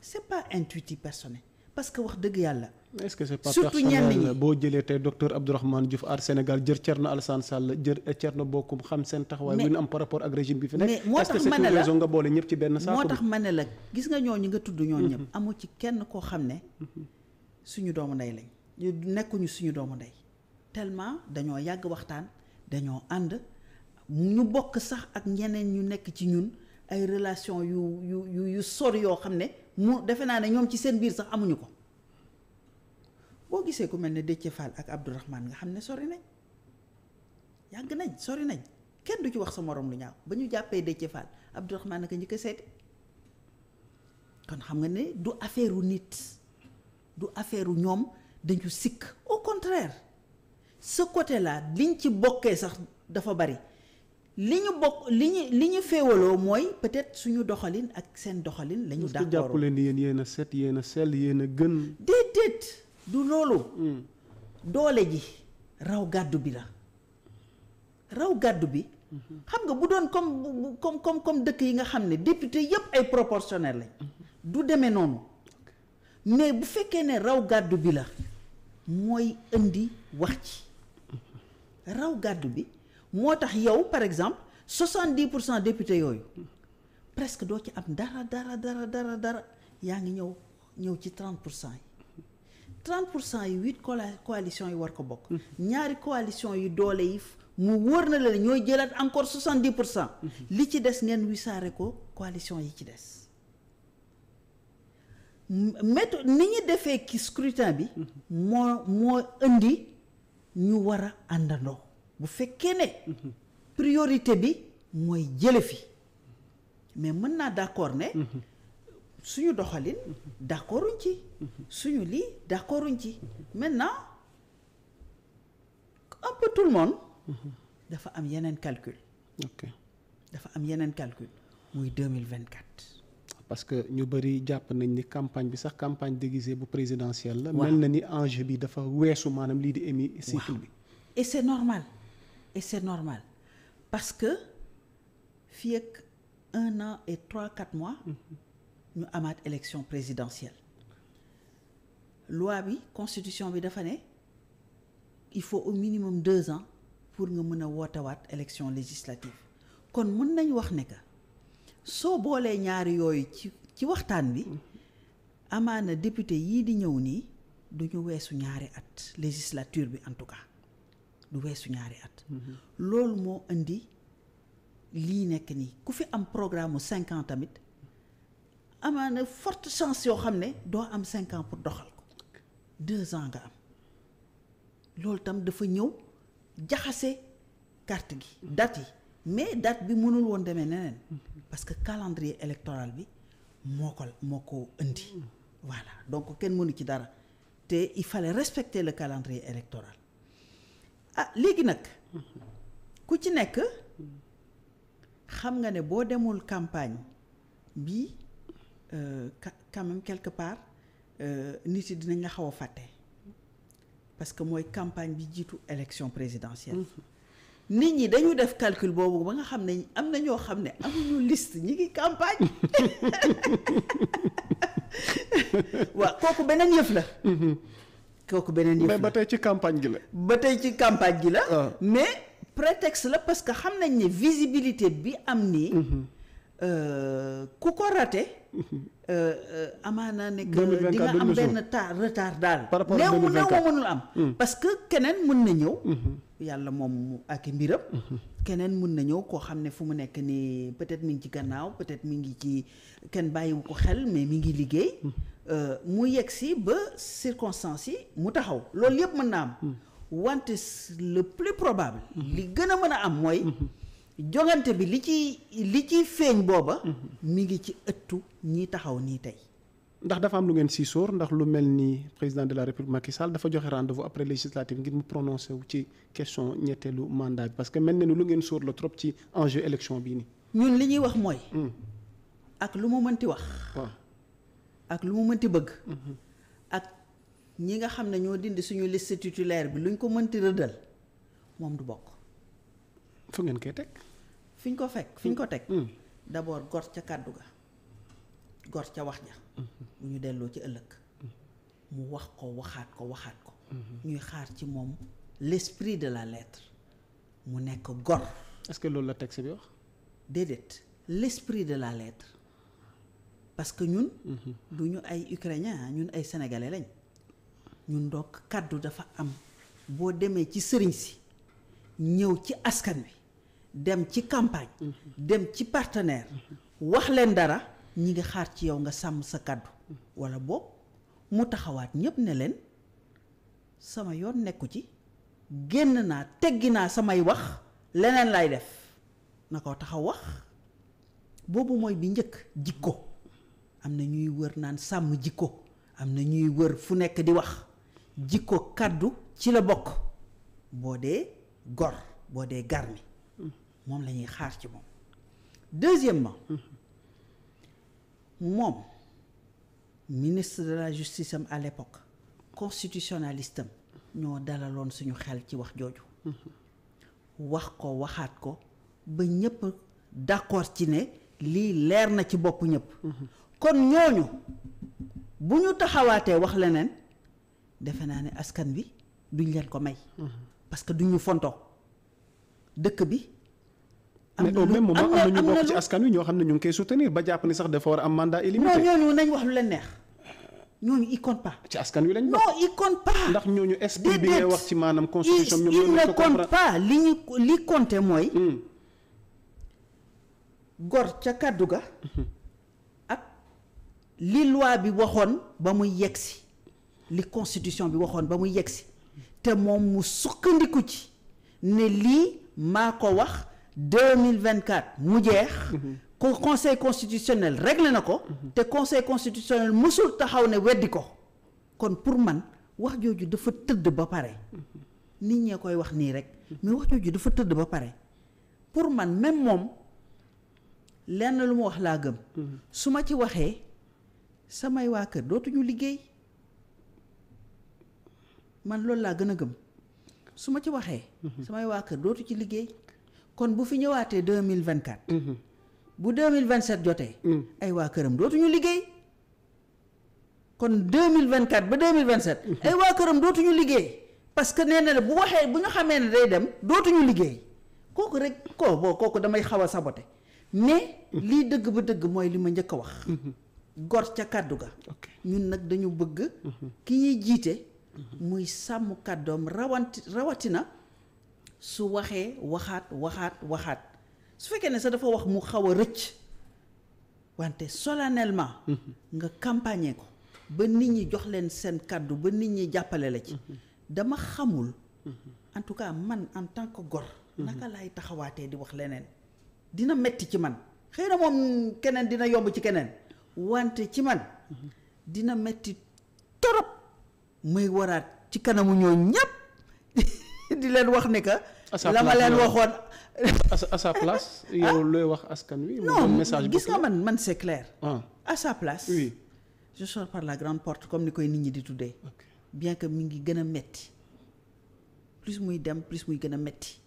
c'est pas intuitif personne parce que wax dëgg yàlla est ce que c'est boo jëlee tey docteur Abdourahmane Diouf aar Sénégal jër Thierno Alassane Sall jër Thierno Bocoum xam seen taxawaay bu ñu am par rapport ak régime bi fi nekk. mais moo tax ma ne la nga boole ñëpp ci benn saako moo gis nga ñooñu nga tudd ñooñu ñëpp. Mm-hmm. amu ci kenn koo xam ne mm-hmm. suñu doomu ndey lañ ñu suñu doomu ndey tellement dañoo yàgg waxtaan dañoo ànd ñu bokk sax ak ñeneen ñu nekk ci ñun ay relation yu yu yu yu yoo xam ne mu defe naa ne ñoom ci seen biir sax amuñu ko boo gisee ku mel ne Déthié Fall ak Abdourahmane nga xam ne sori nañ yàgg nañ sori nañ kenn du ci wax sa moroom lu ñaaw ba ñu jàppee Déthié Fall Abdourahmane naka ñu ko seeti kon xam nga ne du affaire u nit du affaire u ñoom dañu sikk au contraire ce côté là liñ ci bokkee sax dafa bari li ñu bokk li ñu li ñu féewaloo mooy peut-être suñu doxalin ak seen doxalin. la ñu d'accord leen di yéen yéen a set yéen a sell a gën. du loolu hmm. doole ji raw gàddu bi la raw gàddu bi hmm. xam nga bu doon comme comme comme dëkk yi nga xam ne député yépp ay proportionnel lañ hmm. du demee noonu mais bu fekkee ne raw gàddu bi la mooy indi wax ci raw gàddu bi moo tax yow par exemple 70 pour cent député yooyu presque doo ci am dara dara dara dara dara yaa ngi ñëw ñëw ci 30 pour cent yi 30 pour cent yi huit coalition yi war ko bokk. ñaari coalition yi doole yi mu wóor na la ñooy jëlaat encore 70 pour cent. li ci des ngeen wisaare ko coalition yi ci des. méthode ni ñu defee ki scrutin bi. moo moo indi ñu war a àndandoo. bu fekkee ne. priorité bi mooy jële fi mais mën naa d'accord ne. suñu doxalin d'accorduñ ci suñu lii d'accorduñ ci maintenant un peu tout le monde dafa am yeneen calcul dafa am yeneen calcul muy 2024 parce que ñu bëri jàpp nañ ni campagne bi sax campagne déguisée bu présidentielle la mel na ni enjeu bi dafa weesu maanaam lii di émi cycle bi et c'est normal et c'est normal parce que fi ak un an et trois quatre mois mhm. ñu amaat élection présidentielle loi bi constitution bi dafa ne il faut au minimum deux ans pour nga mën a wootawaat élection législative kon mun nañ wax ne que soo boolee ñaari yooyu ci ci waxtaan bi amaana député yii di ñëw nii du ñu weesu ñaari at législature bi en tout cas du weesu ñaari at mm-hmm. loolu moo indi lii nekk nii ku fi am programme mu cinq tamit amaana forte chance yoo xam ne doo am cinq ans pour doxal ko deux ans nga am loolu tam dafa ñëw jaxase kart gi date mais date bi mënul woon demee neneen parce que calendrier électoral bi moo ko moo ko indi voilà donc kenn mënu ci dara te il fallait respecter le calendrier électoral ah léegi nag ku ci nekk xam nga ne boo demul campagne bi Euh, quand même quelque part euh, nit yi dinañ la xaw a fàtte parce que mooy campagne bi jiitu élection présidentielle. Mm-hmm. nit ñi dañu def calcul boobu ba nga xam ne am na ñoo xam ne amuñu liste ñi ngi campagne mm-hmm. waaw kooku beneen yëf la. Mm-hmm. kooku beneen yëf la mais ba tey ci campagne gi la. ba tey ci campagne gi la. Ah. mais prétexte la parce que xam nañ ne visibilité bi am nii. Euh, ku ko raté. Euh, euh, naa nekk di nga am benn ta retard daal. par rapport néew mënul am. Hmm. parce que keneen mën na ñëw. Hmm. yàlla moom ak mbiram. Hmm. keneen mën na ñëw koo xam ne fu mu nekk nii peut-être mi ngi ci gannaaw peut-être mi ngi ci kenn bàyyiwu ko xel mais mi ngi liggéey. mu yegg si ba circonstances yi mu taxaw loolu yëpp mën naa am. wante le plus probable. li gën a mën a am mooy. jongante bi li ci li ci feeñ booba. Mhm. mi ngi ci ëttu ñi taxaw nii tey. ndax dafa am lu ngeen si sóor ndax lu mel nii président de la république Macky Sall dafa joxe rendez-vous après législative ngir mu prononcé wu ci question ñetteelu mandat bi parce que mel na ni lu ngeen sóor la trop ci enjeu élection bii nii. ñun li ñuy wax mooy. Hmm. ak lu mu mënti wax. waaw ak lu mu mënti bëgg. Mhm. ak ñi nga xam ne ñoo dindi suñu liste titulaire bi luñ ko mënti rëddal moom du bokk. fu ngeen koy teg. fi ñu ko fekk fi ñu ko mm. teg. Mm. d'abord gor ca kàddu ga gor ca wax ja bu mm-hmm. ñu delloo ci ëllëg mm-hmm. mu wax ko waxaat ko waxaat ko mm-hmm. ñuy xaar ci moom l'esprit de la lettre mu nekk gor est que loolu la texte bi wax déedéet l'esprit de la lettre parce que ñun du ñu ay ukrainien ah, ñun ay sénégalais lañ ñun doog kàddu dafa am boo demee ci sëriñ si ñëw ci askan wi dem ci campagne dem ci partenaire wax leen dara ñi ngi xaar ci yow nga sàmm sa kàddu wala boog mu taxawaat ñépp ne leen sama yoon nekku ci génn naa teggi naa samay wax leneen lay def na ko taxaw wax boobu mooy bi njëkk jikko am na ñuy wër naan sàmm jikko am na ñuy wër fu nekk di wax jikko kàddu ci la bokk boo dee gor boo dee garmi moom la ñuy xaar ci moom ma moom ministre de la justice am à l'époque ñoo dalaloon suñu xel ci wax jooju wax ko waxaat ko ba ñëpp d'accord ci ne lii leer na ci bopp ñëpp kon ñooñu bu ñu taxawaatee wax leneen defe naa ne askan bi duñ leen ko may parce duñu fontoo dëkk bi mais au même moment am na ñu bokk ci askan wi ñoo xam ne ñu ngi koy soutenir ba jàpp ni sax dafa war a am mandat illimité. non ñooñu nañ wax lu leen neex ñooñu ils pas. ci askan wi lañ bokk non ils comptent ndax ñooñu esprit bi ngay wax ci maanaam constitution ñoom ñoo ne ko compte pas li ñu li compté mooy. Hmm. gor ca kàddu ga. ak li loi bi waxoon ba muy yegsi li constitution bi waxoon ba muy yegsi te moom mu sukkandiku ci ne lii maa ko wax. deux mille vingt quatre mu jeex. conseil constitutionnel réglé na ko. te conseil constitutionnel mësul taxaw ne weddi ko. kon pour man wax jooju dafa tëdd ba pare. nit ñee koy wax nii rek. mais wax jooju dafa tëdd ba pare. pour man même moom lenn lu mu wax laa gëm. su ma ci waxee samay waa kër dootuñu liggéey man loolu laa gën a gëm su ma ci waxee. samay waa kër dootu ci liggéey. kon bu fi ñëwaatee deux mille vingt quatre. Mhm. bu deux mille vingt sept jotee. Mhm. ay waa këram dootuñu liggéey. kon deux mille vingt quatre ba deux mille vingt sept. Mhm. ay waa këram dootuñu liggéey. parce que nee na la bu waxee bu ñu xamee ne day dem dootuñu liggéey kooku rek koo boo kooku damay xaw a sabote mais. lii dëgg ba dëgg mooy li ma njëkk a wax. gor ca kàddu ga. ñun nag dañu bëgg. ki ñuy jiite. muy sàmm kàddoom rawanti rawatina. su waxee waxaat waxaat waxaat su fekkee ne sa dafa wax mu xaw a rëcc wante solennellement mm-hmm. nga campagner ko ba nit ñi jox leen seen kàddu ba nit ñi jàppale la ci mm-hmm. dama xamul mm-hmm. en tout cas man en tant que gor naka laay taxawaatee di wax leneen dina metti ci man xëy na moom keneen dina yomb ci keneen wante ci man dina metti torop muy waraat ci kanamu ñoo ñépp di leen wax ne que la ma leen waxoon. à place. Ah. yow looy wax askan wi. non message gis nga man man c'est clair. Ah. à place. oui par la grande porte comme ni koy nit ñi di tuddee. bien que mi ngi gën a metti plus muy dem plus muy gën a metti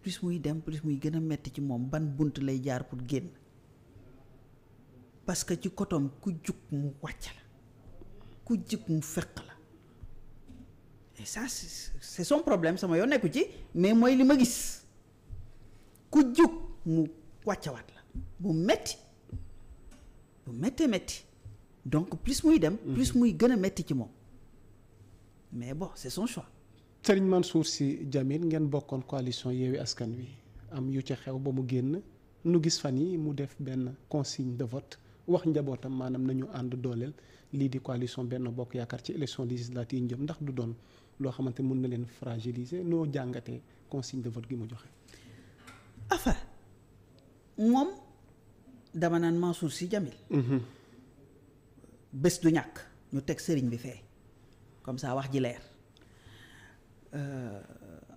plus muy dem plus muy gën a metti ci moom ban bunt lay jaar pour génn parce que ci kotom ku jug mu wàcc la ku jug mu fekk la. et ça c'est son problème sama yoon nekku ci mais mooy li ma gis ku mu wàccawaat la bu metti bu méttee métti donc plus muy dem. Mhm. plus muy gën a métti ci moom mais bo c'est son choix. man Mansour si Djamil ngeen bokkoon coalition Yewwi Askan Wi am yu ca xew ba mu génn nu gis fan yi mu def benn consigne de vote wax njabootam maanaam nañu ànd dooleel lii di coalition benn Bokk Yaakaar ci élection législative yi njëm ndax du doon. loo xamante mën na leen fragiliser noo jàngatee consigne de vote gi mu joxe. afa moom dama naan Mansour Sy Djamil. Mhm. bés du ñàkk ñu teg sëriñ bi fee comme ça wax ji leer euh,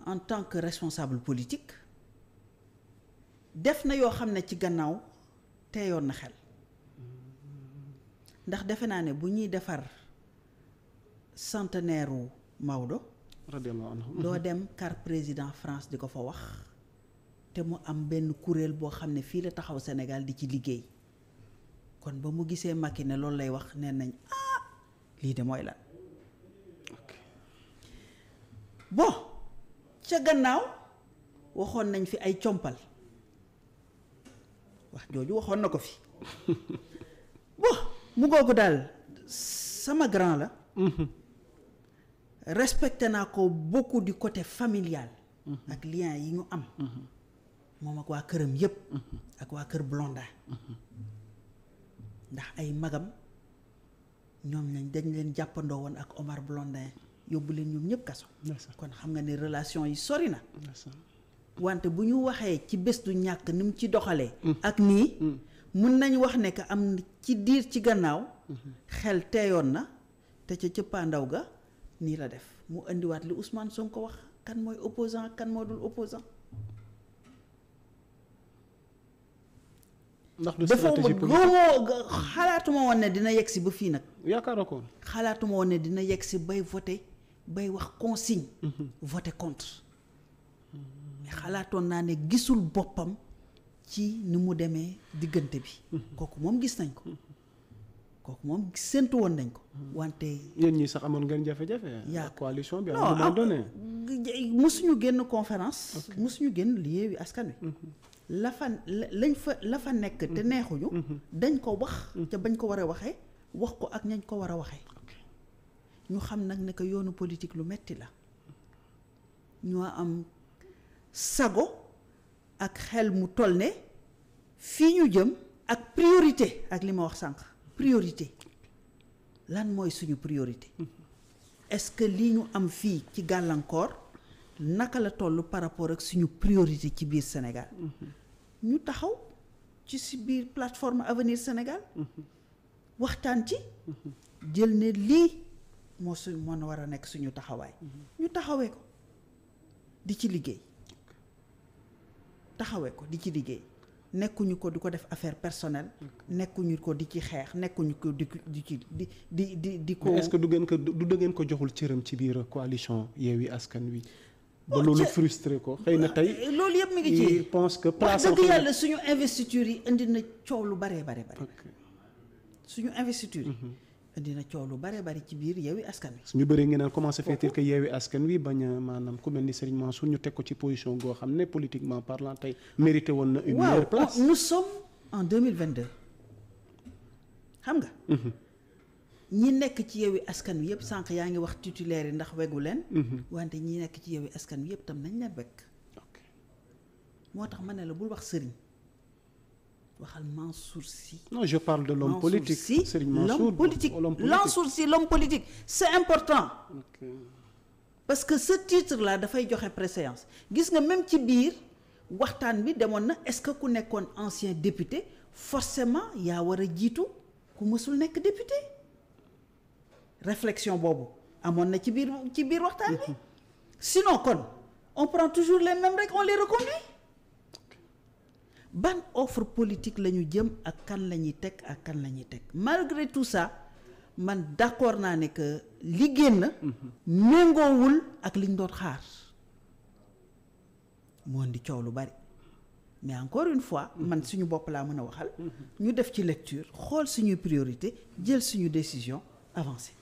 en tant que responsable politique def na yoo xam ne ci gannaaw teyoon na xel ndax defe naa ne bu ñuy defar centenaire Maodo. radiyallahu doo dem kar président France di ko fa wax. te mu am benn kuréel boo xam ne fii la taxaw Sénégal di ci liggéey kon ba mu gisee makki ne loolu lay wax nee nañ ah lii de mooy lan. bon ca gannaaw waxoon nañ fi ay compal wax jooju waxoon na ko fi bon mu googu daal sama grand la. Mhm. respecté naa ko beaucoup di côté familial. ak lien yi ñu am. moom ak waa këram yëpp. ak waa kër Blondin. ndax ay magam ñoom lañ dañ leen jàppandoo woon ak Omar Blondin yóbbu leen ñoom ñëpp kaso. kon xam nga ni relation yi sori na. wante bu ñu waxee ci bés du ñàkk ni mu ci doxalee. Mm. ak nii. Mm. mun nañ wax ne que am ci diir ci gannaaw. Mm-hmm. xel teeyoon na te ca cëppaandaw ga. nii la def mu indiwaat li Ousmane ko wax kan mooy opposant kan moo dul opposant ndax du stratégie politique xalaatuma woon ne dina yegsi ba fii nag. yaakaaroo xalaatuma woon ne dina yegsi bay voté bay wax consigne. Mhm. voté contre. xalaatoon naa ne gisul boppam ci ni mu demee diggante bi. Mhm. kooku moom gis nañ ko. Mhm. kooku moom séntu woon nañ ko. wante. yéen ñi sax amoon ngeen jafe-jafe. yaa coalition bi. non mosuñu génn conférence. ok mosuñu génn lié wi askan wi. Mhm. la fa lañ fa la fa nekk. te mhm. neexuñu. Mhm. dañ ko wax. te bañ ko war a waxee wax ko ak ñañ ko war a waxee. ñu xam nag ne que yoonu politique lu metti la ñoo am sago ak xel mu toll ne fii ñu jëm ak priorité ak li ma wax sànq. priorité lan mooy suñu priorité est-ce que lii ñu am fii ci gàllankoor naka la toll par rapport ak suñu priorité ci biir Sénégal ñu taxaw ci si biir plateforme Avenir Sénégal waxtaan ci jël ne lii moo suñ mën war a nekk suñu taxawaay ñu taxawee ko di ci liggéey taxawee ko di ci liggéey nekkuñu ko du ko def affaire personnelle. nekkuñu ko di ci xeex nekkuñu ko di di ci di di di di ko. est-ce que du ngeen ko du ngeen ko joxul cëram ci biir coalition yi Askan Wi. ba oh, loolu frustré ko xëy na tey. Euh, loolu yëpp mi ngi ci il pense que. place dëgg yàlla suñu investiture yi indi na coow lu bare bare bare. suñu investiture yi. Mhm. dina coow lu bare bari ci biir yeewi askan wi. suñu bëree ngeen naan comment se fait yeewi askan wi bañ maanaam ku mel ni Serigne Mansour ñu teg ko ci position goo xam ne politiquement parlant tey mérité woon na. une meilleure place waaw nous sommes en 2022 xam nga. Mhm. ñi nekk ci yeewi askan wi yëpp sànq yaa ngi wax titulaire yi ndax wegu leen. Mhm. wante ñi nekk ci yeewi askan wi yëpp tam nañ leen wekk. moo tax ma ne la bul wax sëriñ. waxal Mansour Sy. non je parle de l'homme politique Serigne Mansour politique l'homme politique c'est important. parce que ce titre là dafay joxe préséance gis nga même ci biir waxtaan bi demoon na est-ce que ku nekkoon ancien député forcément yaa war a jiitu ku mësul nekk député réflexion boobu amoon na ci biir ci biir waxtaan bi mm-hmm. sinon kon on prend toujours les mêmes règles on les reconduit. ban offre politique la ñu jëm ak kan la ñuy teg ak kan la ñuy teg malgré tout sa man d'accord naa ne que li génn méngoowul ak liñ doon xaar moo di coow lu bari mais encore une fois man suñu bopp laa mën a waxal ñu def ci lecture xool suñuy priorité jël suñu décision avancé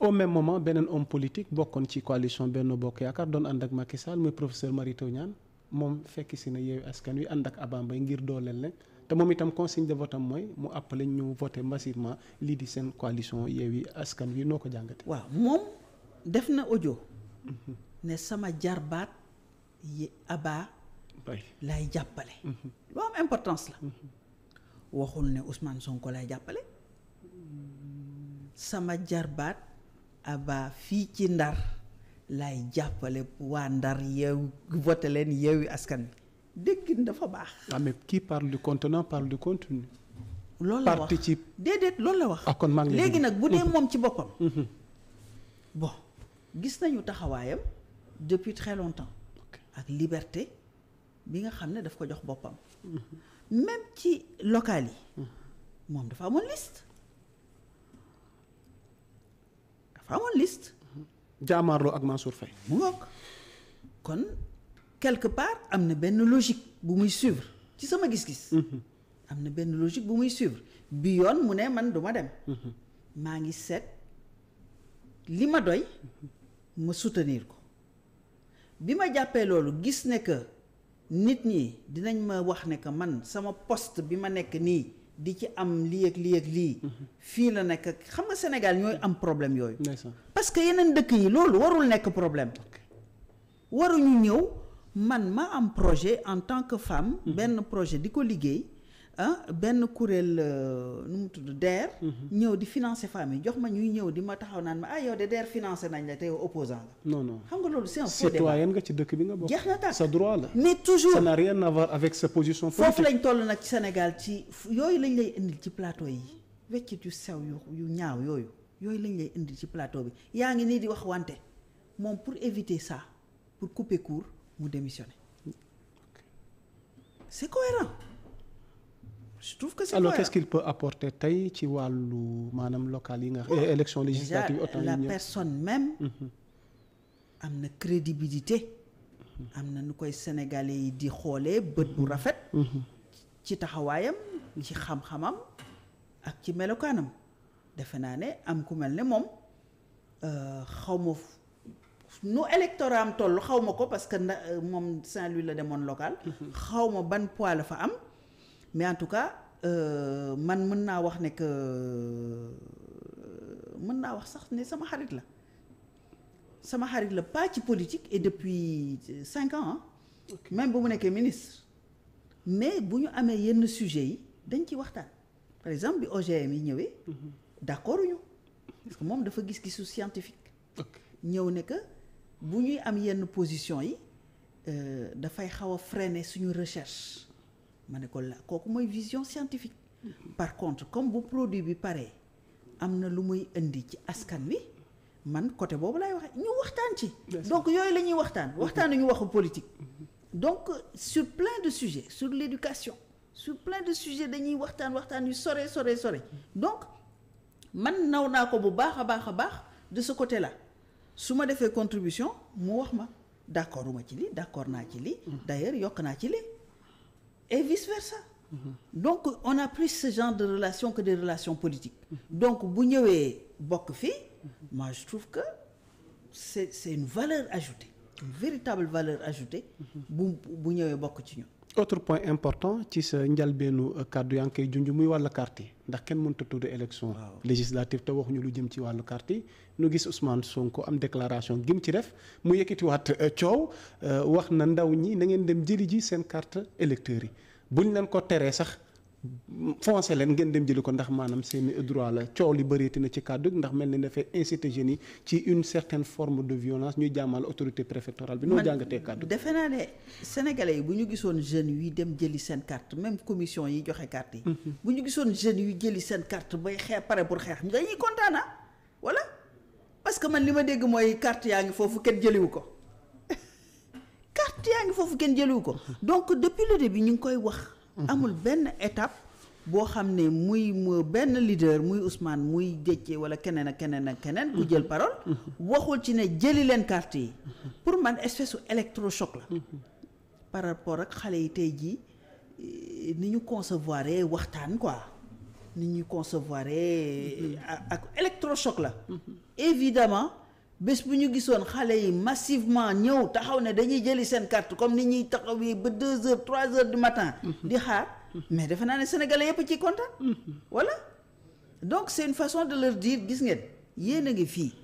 au même moment beneen homme politique bokkoon ci coalition Benno Bokk Yaakaar doon ànd ak Macky Sall muy professeur Mary Teuw Niane moom fekk si na yeewu askan wi ànd ak Abba Mbaye ngir dooleel leen te moom itam consigne de votam mooy mu appelé ñu voté massivement lii di seen coalition yeewi askan wi noo ko jàngate waaw moom def na audio. ne sama jarbaat yi Abba lay jàppale mhm. lu am importance la mhm. waxul ne Ousmane Sonko lay jàppale sama jarbaat Abba fii ci Ndar lay jàppale waa Ndar yeew voté leen yeewi askan wi déggin dafa baax. ah kii qui parle du contenant parle du contenu. loolu la wax ci déedéet loolu la wax. ah kon maa léegi nag bu dee moom ci boppam. bon gis nañu taxawaayam depuis très longtemps. ak liberté bi nga xam ne daf ko jox boppam. même ci local yi. moom dafa amoon liste. dafa amoon liste. jaamaarloo ak Mansour Faye mu ngoog kon quelque part am na benn logique bu muy suivre ci sama gis-gis mhm. am na benn logique bu muy suivre bi yoon mu ne man du dem mhm. maa ngi seet li ma doy ma soutenir ko bi ma jàppee loolu gis ne que nit ñi dinañ ma wax ne que man sama post bi ma nekk nii di ci am lii ak lii ak lii. Mhm. fii la nekk xam nga Sénégal ñooy am problème yooyu. parce que yeneen dëkk yi loolu warul nekk problème. waruñu ñëw man ma am projet en tant que femme. Mhm. benn projet di ko liggéey. ah benn kuréel euh, nu mu tudd DER. Mhm. ñëw di financer femmes yi jox ma ñuy ñëw di ma taxaw naan ma ah yow de DER financé nañ la te yow opposant la. xam nga loolu c'est un faux nga ci dëkk bi nga bokk. jeex na tàkk sa droit la. mais toujours ça n'a rien à voir avec sa position politique. foofu lañ toll nag ci Sénégal ci yooyu lañ lay indil ci plateau yi weccit yu sew yu yu ñaaw yooyu yooyu lañ lay indil ci plateau bi yaa ngi nii di wax wante moom pour éviter ça pour couper court mu démissionner c'est cohérent je trouve que c'est alors peut apporter tey ci wàllu maanaam local yi nga xam élection législative autant la personne même am na crédibilité am na nu koy sénégale yi di xoolee bët bu rafet ci taxawaayam ci xam-xamam ak ci melokaanam defe naa ne am ku mel ne moom euh, xaw ma nu électorat am toll xaw ma ko parce que moom Saint-Louis la demoon local mhm. xaw ma ban pois la fa am mais en tout cas euh, man mën naa wax ne que euh, mën naa wax sax ne sama xarit la sama xarit la pas ci politique et depuis cinq ans ah. même bu mu nekkee ministre. mais bu ñu amee yenn sujets yi dañ ci waxtaan par exemple bi OGM yi ñëwee. Mhm. d' accord moom dafa gis-gisu scientifique. ñëw ne que bu ñuy am yenn position yi euh, dafay xaw a freiner suñu recherche. ma ne ko la kooku mooy vision scientifique par contre comme bu produit bi paree am na lu muy indi ci askan wi man côté boobu laay waxee ñu waxtaan ci donc yooyu la ñuy waxtaan mhm. waxtaanuñu waxu politique mhm. donc sur plein de sujets sur l'éducation sur plein de sujets dañuy waxtaan waxtaan yu sore sore sore donc man naw naa ko bu baax a baax a baax de su côté la su ma defee contribution mu wax ma d'accord ma ci lii d'accord naa ci lii mhm. d'ailleurs yokk naa ci lii et vice-versa. donc on a plus ce genre de relation que des relations politiques. donc bu ñëwee bokk fi moi je trouve que c'est c'est une valeur ajoutée une véritable valeur ajoutée. bu bu ñëwee bokk ci ñun. autre point important ci sa njalbeenu euh, kàddu yaa ngi muy wàllu carte yi ndax kenn mënta a tudd élection te waxuñu lu jëm ci wàllu carte yi nu gis Ousmane Sonko am déclaration gim ci def mu yëkkatiwaat euh, coow euh, wax na ndaw ñi na ngeen dem jëli ji seen carte électeurs yi bu ñu leen ko teree sax. foncé leen ngeen dem jëli ko ndax maanaam seen i droit la coow li bëreeti na ci kàddu ndax mel ni dafay incité jeunes yi ci une certaine forme de violence ñuy jàmmal autorité préfectorale bi. noo jàngatee kàddu defe naa ne sénégalais yi bu ñu gisoon jeunes yi dem jëli seen carte même commission yi joxe carte yi. Mm-hmm. bu ñu gisoon jeunes yu jëli seen carte bay xeex pare pour xeex dañuy kontaan ah wala parce que man li ma dégg mooy carte yaa ngi foofu kenn jëliwu ko carte foofu kenn jëliwu ko mm-hmm. donc ñu ngi koy wax. Mm-hmm. amul benn étape boo xam ne muy mu benn leader muy usmaan muy Déthié wala keneen ak keneen ak keneen ku jël mm-hmm. parole mm-hmm. waxul ci ne jëli leen carte yi pour man espèce u électrochoc la par rapport ak xale yi tey jii eh, ni ñu concevoir waxtaan quoi ni ñu concevoir eh, ak électrochoc la bés bu ñu gisoon xale yi massivement ñëw taxaw ne dañuy jëli seen carte comme ni ñuy taxaw ba deux heures trois heures du matin mhm. di xaar mais defe naa ne sénégalais yëpp ci kontaan mhm. voilà donc seen façon de leur dire gis ngeen yéen a ngi fii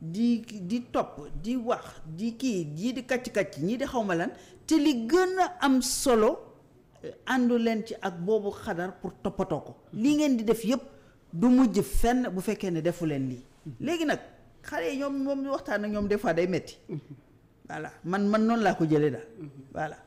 di di topp di wax di kii ñii di kacc-kacc ñii di xawma lan te li gën a am solo eh, àndu leen ci ak boobu xadar pour toppatoo ko li ngeen di def yëpp du mujj fenn bu fekkee ne defu leen lii mhm. léegi nag xale yi ñoom moom waxtaan ak ñoom des fois day metti voilà man man noonu laa ko jëlee daal voilà.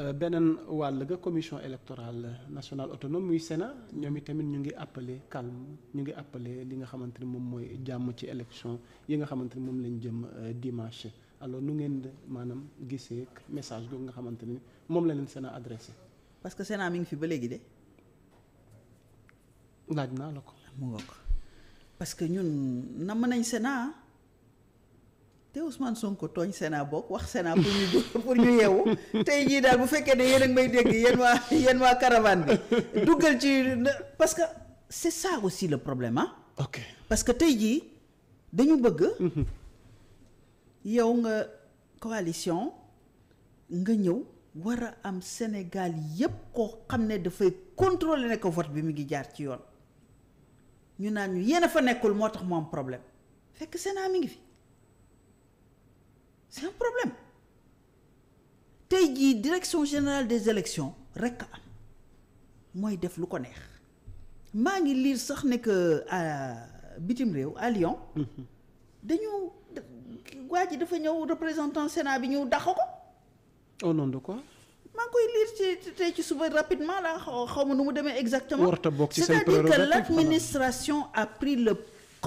Euh, beneen wàll ga commission électorale national autonome muy Sénat ñoom itamit ñu ngi appelé calme ñu ngi appelé li nga xamante ni moom mooy jàmm ci élection yi nga xamante ni moom lañ jëm euh, dimanche alors nu ngeen maanaam gisee message googu nga xamante ni moom la leen Sénat adressé. parce que Sénat mi ngi fi ba léegi de. laaj naa la ko. mu nga ko. parce que ñun namm nañ Sénat ah. te Ousmane Sonko tooñ Sénat bokk wax Sénat pour ñu yeewu tey jii daal bu fekkee de yéen a ngi may dégg yéen waa yéen waa caravane bi duggal ci parce que c'est ça si le problème ah. ok parce que tey jii dañu bëgg. Mhm. yow nga coalition nga ñëw war a am Sénégal yépp ko xam ne dafay contrôler ne vote bi mu ngi jaar ci yoon. ñu naan ñu yéen a fa nekkul moo tax mu am problème fekk senaa mi ngi fi c'est problème tey jii direction générale des élections rekk am mooy def lu ko neex maa ngi liir sax ne que euh, bitim réew à Lyon dañu waa yi dafa ñëw représentant Sénat bi ñëw dax ko au nom de quoi maa ngi koy lire ci tey ci suba rapidement la xaw ma nu mu demee exactement c'est-à-dire que l'administration a pris le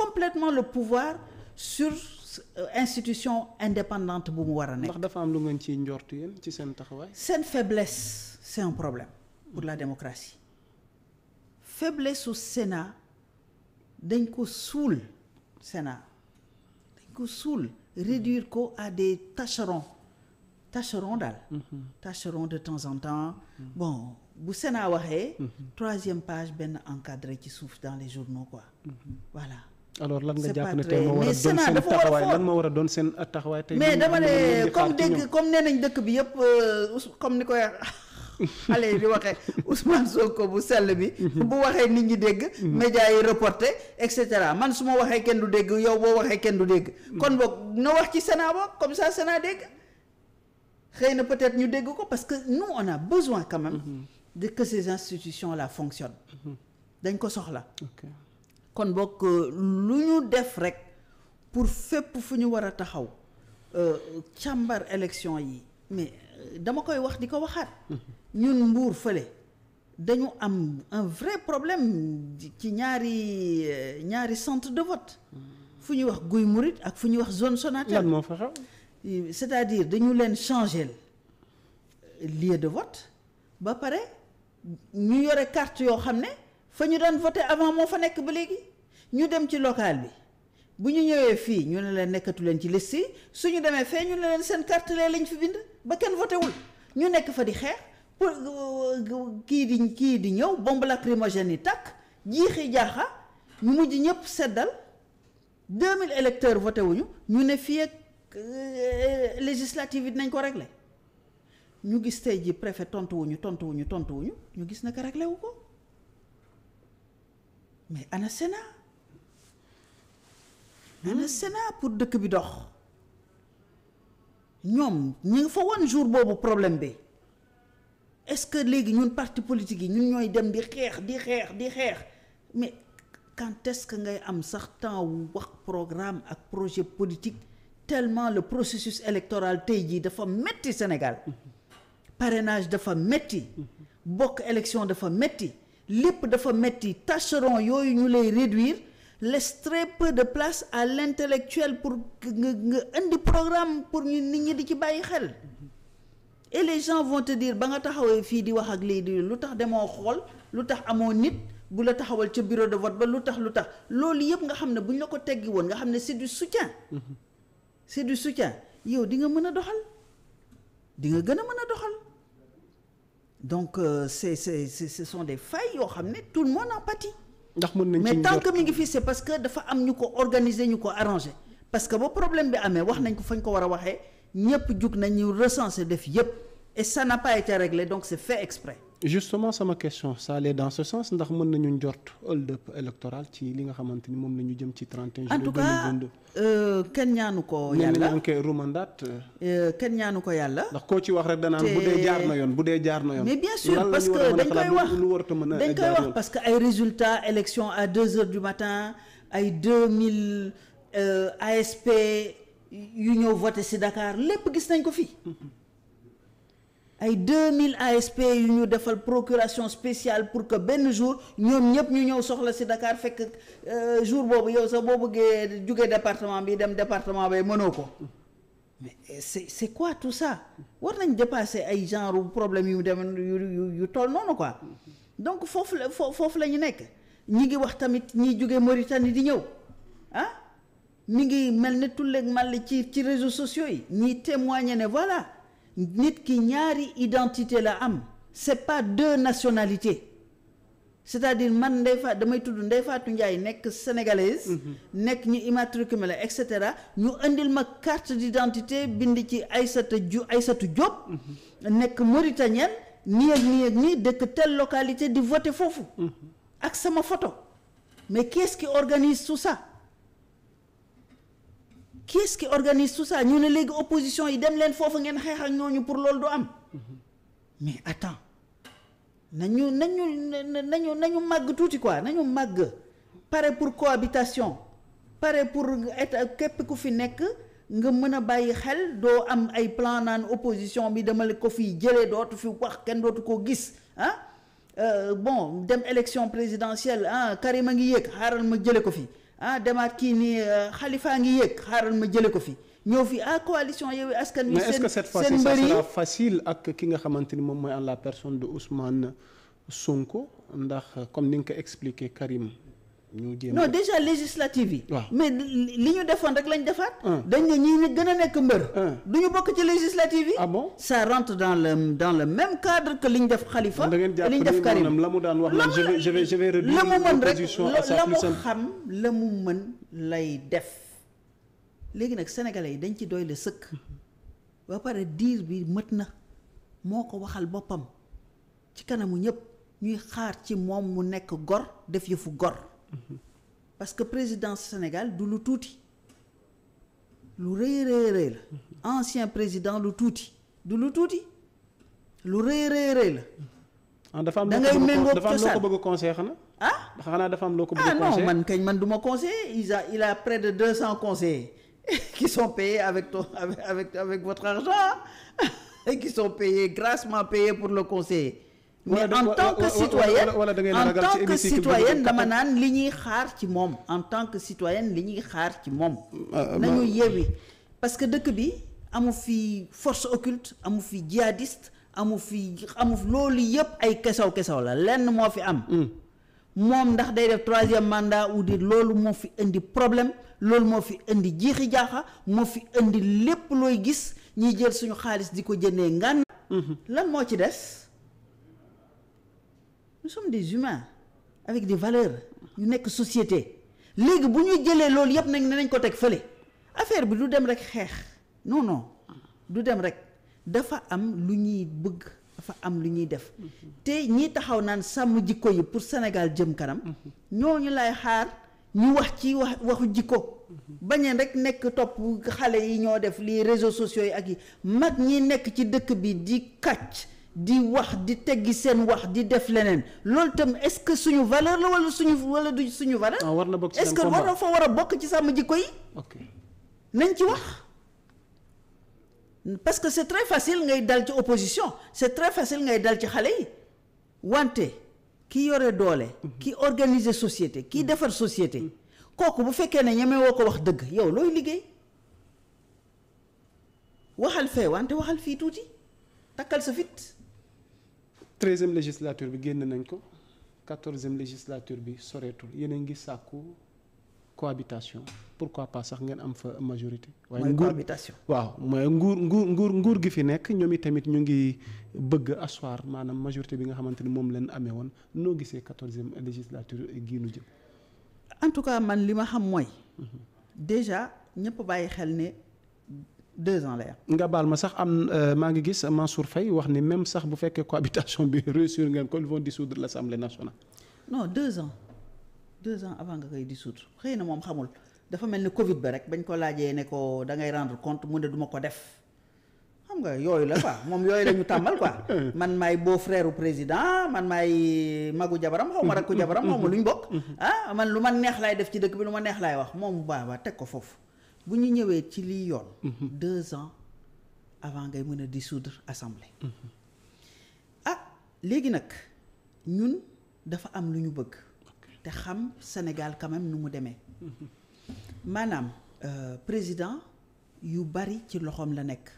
complètement le pouvoir sur euh, institution indépendante bu mu war a nekk. ndax dafa am lu ngeen ciy njort yéen ci seen taxawaay. seen faiblesse c'est un problème pour la démocratie faiblesse su Sénat dañ ko suul Sénat dañ ko suul réduire ko à des tâcherons. tâcherons daal. Mm-hmm. tâcherons de temps en temps. Mm-hmm. bon bu Sénat waxee. Mm-hmm. troisième page benn encadré ci suuf dans les journaux quoi. voilà. alors lan nga jàpp ne tey moo war a doon seen taxawaay lan moo war a doon seen taxawaay tey mais dama ne comme dégg comme nee nañ dëkk bi yëpp euh, comme ni koy xale yi di waxee Ousmane Sonko bu sell bi. bu waxee nit ñi dégg. média yi reporté et cetera man su ma waxee kenn du dégg yow boo waxee kenn du dégg. kon boog na wax ci Sénat boog comme saa Sénat dégg. xëy na peut-être ñu dégg ko parce que nous on a besoin quand même. Mm -hmm. de que ces institutions là fonctionnent. Mm-hmm. dañ ko soxla. kon bokk euh, lu ñu def rek pour fépp fu ñu war a taxaw euh, càmbar élection yi mais euh, dama koy wax di ko waxaat. Mm-hmm. ñun mbuur fële dañu am un vrai problème ci ñaari ñaari centre de vote. Mm-hmm. fu ñuy wax Guy Mouride ak fu ñuy wax zone Sonatel. lan moo c'est-à-dire dañu leen changer lieu de vote ba pare ñu yore carte yoo xam ne fa ñu daan voté avant moo fa nekk ba léegi ñu dem ci local bi bu ñu ñëwee fii ñu ne leen nekkatu leen ci liste yi suñu demee fee ñu ne leen seen carte lee lañ fi bind ba kenn voté wul ñu nekk fa di xeex pour euh, kii di kii di ñëw bombe lacrymogène yi tàkk jiixi jaaxa ñu mujj ñëpp seddal 2000 électeurs voté wuñu ñu ne fii ak Euh, législative yi nañ ko réglé ñu gis tey ji préfet tontuwuñu tontuwuñu tontuwuñu ñu gis naka réglé wu ko mais ana Sénat ana Sénat pour dëkk bi dox ñoom ñu ngi fa woon jour boobu problème bi est-ce que léegi ñun parti politique yi ñu ñooy dem di xeex di xeex di xeex mais quand que ngay am sax temps wu wax programme ak projet politique tellement le processus électoral tey jii dafa metti Sénégal parrainage dafa metti bokk élection dafa metti lépp dafa metti tâcheron yooyu ñu lay réduire laisse très peu de place à l'intellectuel pour nga nga indi programme pour ñu nit ñi di ci bàyyi xel et les gens te dire ba nga taxawee fii di wax ak lii di lu tax demoo xool lu tax amoon nit bu la taxawal ca bureau de vote ba lu tax lu tax loolu yëpp nga xam ne bu ñu la ko teggi woon nga xam ne c'est du soutien c'est du soutien yow di nga mën a doxal di nga gën a mën a doxal donc euh, c'est c'est ce sont des failles yoo xam ne tout le monde en pâtit ndax mën nañ ci mais tant que ngi fii c'est parce que dafa am ñu ko organiser ñu ko arranger parce que ba problème bi amee wax nañ ko fañ ko war a waxee ñëpp jug nañ ñu recenser def yëpp et ça n'a pas donc c'est fait exprès justement sama question ça dans ce sens ndax mën nañu njort hold-up électoral ci li nga xamante ni moom la ñu jëm ci 31 juillet 2022 en euh, kenn ñaanu ko yàlla ñeneen rumandaat euh, kenn ñaanu ko yàlla ndax koo ci wax rek danaan bu dee jaar na yoon bu dee jaar na yoon mais bien sûr parce que dañ koy wax mën a parce que ay résultat élection à deux heures du matin ay 2000 euh, ASP yu ñëw voté si Dakar lépp gis nañ ko fii mm-hmm. ay 2000 ASP yu ñu defal procuration spéciale pour que benn jour ñoom ñëpp ñu ñëw soxla si Dakar fekk euh, jour boobu yow sax boo bëggee jóge département bi dem département bay mënoo ko mais euh, c'est c'est quoi tout ça war nañ dépasser ay genre problème yu dem yu yu toll noonu quoi donc foofu la foofu la ñu nekk ñi ngi wax tamit ñi jóge Mauritanie di ñëw ah mi ngi mel ne tulleeg mal ci ci réseaux sociaux yi ñiy témoigner ne voilà nit ki ñaari identité la am c'est pas deux nationalités c'est-à-dire man Ndeye Fatou damay tudd Ndeye Fatou Ndiaye nekk sénégalaise mhm. nekk ñu immatriculé la et cetera ñu indil ma di d'identité bind ci Aïssata Ju Aïssata Diop mhm. nekk mauritanienne nii ak nii ak nii dëkk telle localité di vote foofu mhm. ak sama photo mais quest ki organise tout ça qui est-ce qui organise tout ça ñu ne léegi opposition yi dem leen foofu ngeen xeex ak ñooñu pour loolu du am mais attends nañu nañu nañu nañu màgg tuuti quoi nañu màgg pare pour cohabitation pare pour état képp ku fi nekk nga mën a bàyyi xel doo am ay plan naan opposition bi dama ko fiy jëlee dootu fi wax kenn dootu koo gis ah euh, bon dem élection présidentielle ah Karim a ngi yéeg xaaral ma jële ko fi ah demaat kii nii xalifaa euh, ngi yëg xaaral ma jële ko fi ñëw fi ah coalition Yewwi Askan Wi. seen mais est-ce que cette fois facile ak ki nga xamante ni moom mooy en la personne de Ousmane Sonko ndax comme ni nga ko expliqué Karim ñu jéem non déjà législative yi. waaw mais li ñu defoon rek lañ defaat. dañ ne ñii ñu gën a nekk mbër. du ñu bokk ci législative yi. ah bon rentre dans le dans le même cadre que li ñu def Khalifa. li ñu def Karim la mu daan wax la je vais je vais je vais réduire l'opposition à mu xam la mu mën lay def. léegi nag sénégalais yi dañ ci doyle sëkk. ba pare diir bi mët na moo ko waxal boppam ci kanamu ñëpp ñuy xaar ci moom mu nekk gor def yëfu gor. parce que présidence Sénégal du lu tuuti lu rëy rëy rëy la ancien président lu tuuti du lu tuuti lu rëy rëy rëy la. ah dafa am loo ko bëgg a conseil xanaa. ah xanaa dafa am loo ko bëgg a conseil ah non man kañ man du ma conseiller il a il a près de deux cent conseillers qui sont payés avec ton avec avec, avec votre argent et qui sont payés grassement payés pour le conseiller. mais en tant que citoyenne en tant que citoyenne dama naan li ñuy xaar ci moom en tant que citoyenne li ñuy xaar ci moom ah, ah, nañu yeewi parce que dëkk bi amu fi force occulte amu fi djihadiste amu fi amu loolu yëpp ay kesaw kesaw la lenn moo fi am hmm. moom ndax day def troisième mandat ou di loolu moo fi indi problème loolu moo fi indi jiixi jaaxa moo fi indi lépp looy gis ñuy jël suñu xaalis di ko jëndee ngan hmm. lan moo ci des nous sommes des humains avec des valeurs ñu nekk société léegi bu ñu jëlee loolu yëpp nag ne nañ ko teg fële affaire bi du dem rek xeex non non du dem rek dafa am lu ñuy bëgg dafa am lu ñuy def te ñi taxaw naan sàmm jikko yi pour Sénégal jëm kanam ñooñu lay xaar ñu wax ci waxu jikko bañeen rek nekk topp xale yi ñoo def li réseaux sociaux yi ak yi mag ñi nekk ci dëkk bi di kàcc di wax di teggi seen wax di def leneen loolu tam est-ce que suñu valeur la wala suñu wala du suñu valeur. Ah, war na bokk est-ce que war na fa war a bokk ci sàmm jikko yi. ok nañ ci wax. parce que c'est très facile ngay dal ci opposition c'est très facile ngay dal ci xale yi wante ki yore doole. ki organiser société ki mm-hmm. defar société. Mm-hmm. kooku bu fekkee ne ñeme woo ko wax dëgg yow looy liggéey waxal fee wante waxal fii tuuti takkal sa fit. treizième législature bi génn nañ ko quatorzième législature bi soreetul yéen a ngi sàkku cohabitation pourquoi pas sax ngeen am fa majorité. waaye nguur cohabitation waaw mooy nguur nguur nguur nguur gi fi nekk ñoom tamit ñu ngi bëgg a asseoir maanaam majorité bi nga xamante ni moom leen amee woon noo gisee quatorzième législature gii nu jëm. en tout man li ma xam mooy. Mhm. déjà ñëpp bàyyi xel ne deux ans la yàq. nga baal ma sax am euh, maa ngi gis Mansour Faye wax ni même sax bu fekkee cohabitation bi réussir ngeen ko ils vont dissoudre l' assemblée nationale. non deux ans deux ans avant nga koy dissoudre xëy na moom xamul dafa mel ni Covid ba rek bañ ko laajee ne ko da ngay rendre compte mu ne du ko def. xam nga yooyu la quoi moom yooyu la ñu tàmbal quoi man maay beau frère président man maay magu jabaram xaw ma rakku jabaram xaw ma lu ñu bokk ah man lu ma neex laay def ci dëkk bi lu ma neex laay wax moom bu baax teg ko foofu bu ñu ñëwee ci liy yoon. Mhm. deux ans avant ngay mën a dissoudre assemblée. Mhm. ah léegi nag ñun dafa am lu ñu bëgg. te xam Sénégal quand nu mu demee. Mhm. maanaam euh, président yu bari ci loxoom la nekk.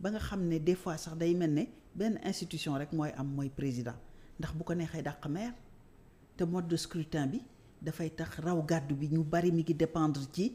ba nga xam ne des fois sax day mel ne benn institution rek mooy am mooy président ndax bu ko neexee dàq maire te mode de scrutin bi dafay tax raw gàddu bi ñu bari mi ngi dépendre ci.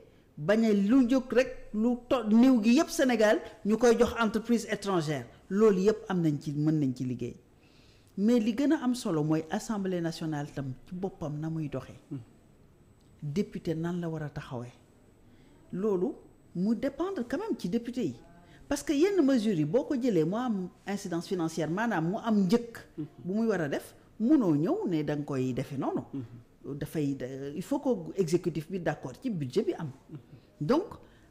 bañ lu jóg rek lu to néew gi yëpp Sénégal ñu koy jox entreprise étrangère loolu yëpp am nañ ci mën nañ ci liggéey mais li gën a am solo mooy assemblée nationale tam ci boppam na muy doxee député nan la war a taxawee loolu mu dépendre quand ci député yi parce que yenn mesures yi boo ko jëlee mu am incidence financière maanaam mu am njëkk bu muy war a def munoo ñëw ne da nga koy defe noonu dafay il faut que exécutif bi d'accord ci budget bi am donc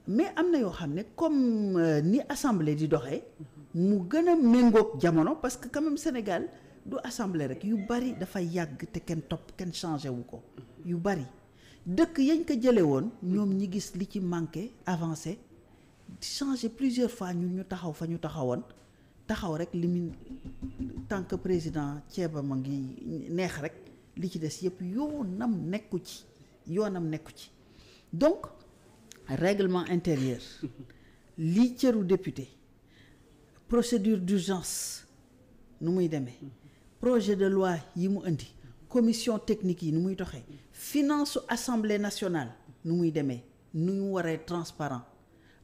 mais am na yoo xam ne comme euh, ni assemblée di doxee mu gën a méngoog jamono parce que quand Sénégal du assemblée rek yu bari dafay yàgg te kenn topp kenn changé wu ko yu bari dëkk yañ ko jële woon ñoom ñi gis li ci manqué avancé changé plusieurs fois ñu ñu taxaw fa ñu taxawoon taxaw rek li mu tant que président ceeba ma ngi neex rek li ci des yëpp yoonam nekku ci yoonam nekku ci donc règlement intérieur lii cëru député procédure d'urgence nu muy demee projet de loi yi mu indi commission technique yi nu muy doxee finance assemblée nationale nu muy demee nu mu waree transparent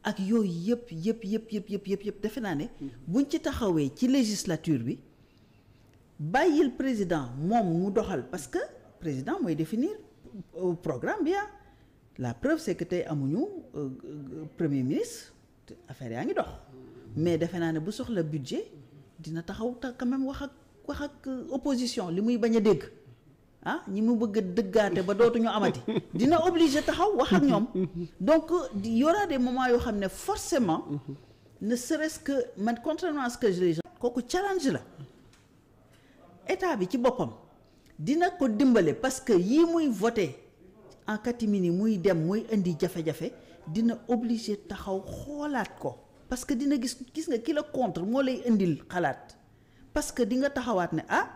ak yooyu yëpp yëpp yëpp yëpp yëpp yëpp yëpp defe naa ne buñ ci taxawee ci législature bi bàyyil président moom mu doxal parce que président mooy définir euh, programme bi ah. la preuve c'est que amuñu euh, euh, premier ministre affaire yaa ngi dox mais defe naa ne bu soxla budget dina taxaw ta quand même wax ak wax ak opposition li muy bañ a dégg ah ñi mu bëgg dëggaate ba dootuñu amati dina obligé taxaw wax ak ñoom donc y aura des moments yoo xam ne forcément ne serait-ce que man contrairement à que kooku challenge la état bi ci boppam dina ko dimbale parce que yii muy voté en catimini muy dem muy indi jafe-jafe dina obligé taxaw xoolaat ko parce que dina gis gis nga kilo contre moo lay indil xalaat parce que di nga taxawaat ne ah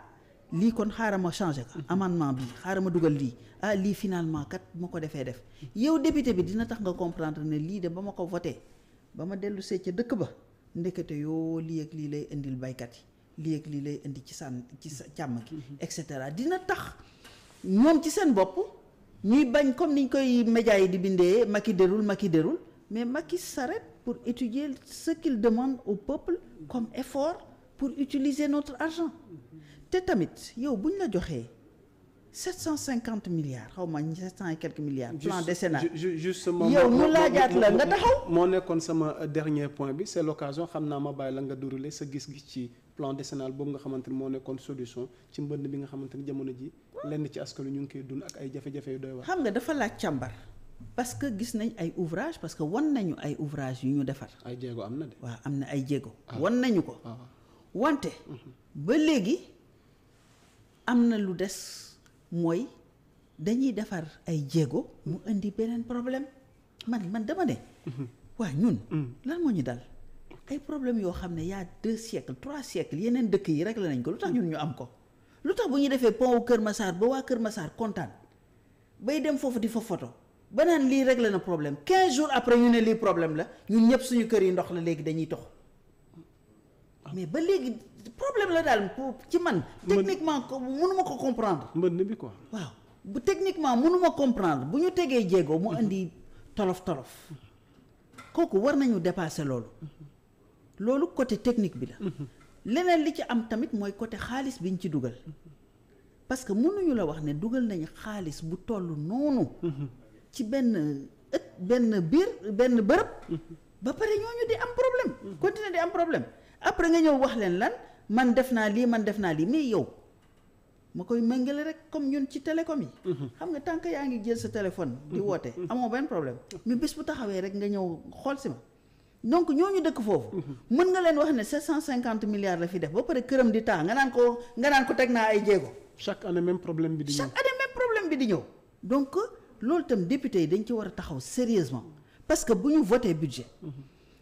lii kon xaaral ma changé ko amendement bi xaaral ma dugal lii ah lii finalement kat ma ko defee def yow député bi dina tax nga comprendre ne lii de ba ma ko voté ba ma dellu see ca dëkk ba ndekete yoo lii ak lii lay indil baykat yi lii ak lii lay indi ci sànn ci sa càmm gi et cetera dina tax ñoom ci seen bopp ñuy bañ comme niñ koy média yi di bindee i Macky dérul Macky dérul mais mag Macky s'arrête pour étudier ce qu'il demande au peuple comme effort pour utiliser notre argent te tamit yow bu ñu la joxee 750 milliards xaw ma 700 et quelques milliards. plan décennal justement yow ñu laajaat la nga taxaw. moo nekkoon sama dernier point bi c'est l'occasion xam naa ma bàyyi la nga durale sa gis-gis ci. plan décennal boobu nga xamante ne moo nekkoon solution ci mbënd bi nga xamante ne jamono ji lenn ci askan wi ñu ngi koy dund ak ay jafe-jafe yu doy waar. xam nga dafa laaj càmbar. parce que gis nañ ay ouvrage parce que wan nañu ay ouvrage yu ñu defar. ay jéego am na de. waaw am na ay jéego. Ah. wan nañu ko. Ah. wante. Mhm. ba léegi am na lu des mooy dañuy defar ay jéego mu indi beneen problème man man dama ne. Mhm. waa ñun. Mhm. lan moo ñu dal. ay problème yoo xam ne yaa a deux siècles trois siècles yeneen dëkk yi rek la nañ ko lu tax ñun ñu am ko lu tax bu ñu defee pont Kër Massar ba waa Kër Massar kontaan bay dem foofu di fa foto ba naan lii rek la na problème quinze jours après ñu ne lii problème la ñun ñëpp suñu kër yi ndox la léegi dañuy tox ah. mais ba léegi problème la daal ci man techniquement mënuma ko comprendre mbënd bi quoi waaw bu techniquement mënuma comprendre bu ñu tegee jéego mu mm-hmm. indi tolof tolof kooku war nañu dépasser loolu loolu côté technique bi la. leneen li ci am tamit mooy côté xaalis bi ñu ci dugal. parce que mënuñu la wax ne dugal nañu xaalis bu toll noonu. ci benn ëtt benn biir benn bërëb. ba pare ñooñu di am problème. continuer di am problème après nga ñëw wax leen lan man def naa lii man def naa lii mais yow ma koy méngale rek comme ñun ci télécom yi. xam nga tant yaa ngi jël sa téléphone. di woote amoo benn problème mais bés bu taxawee rek nga ñëw xool si ma. donc ñooñu dëkk foofu. mën nga leen wax ne 750 milliards la fi def ba pare këram di taa nga naan ko nga naan ko teg naa ay jéego. chaque année même problème bi di ñëw chaque problème bi di ñëw. donc loolu tam député yi dañ ci war a taxaw sérieusement parce que bu ñu votee budget.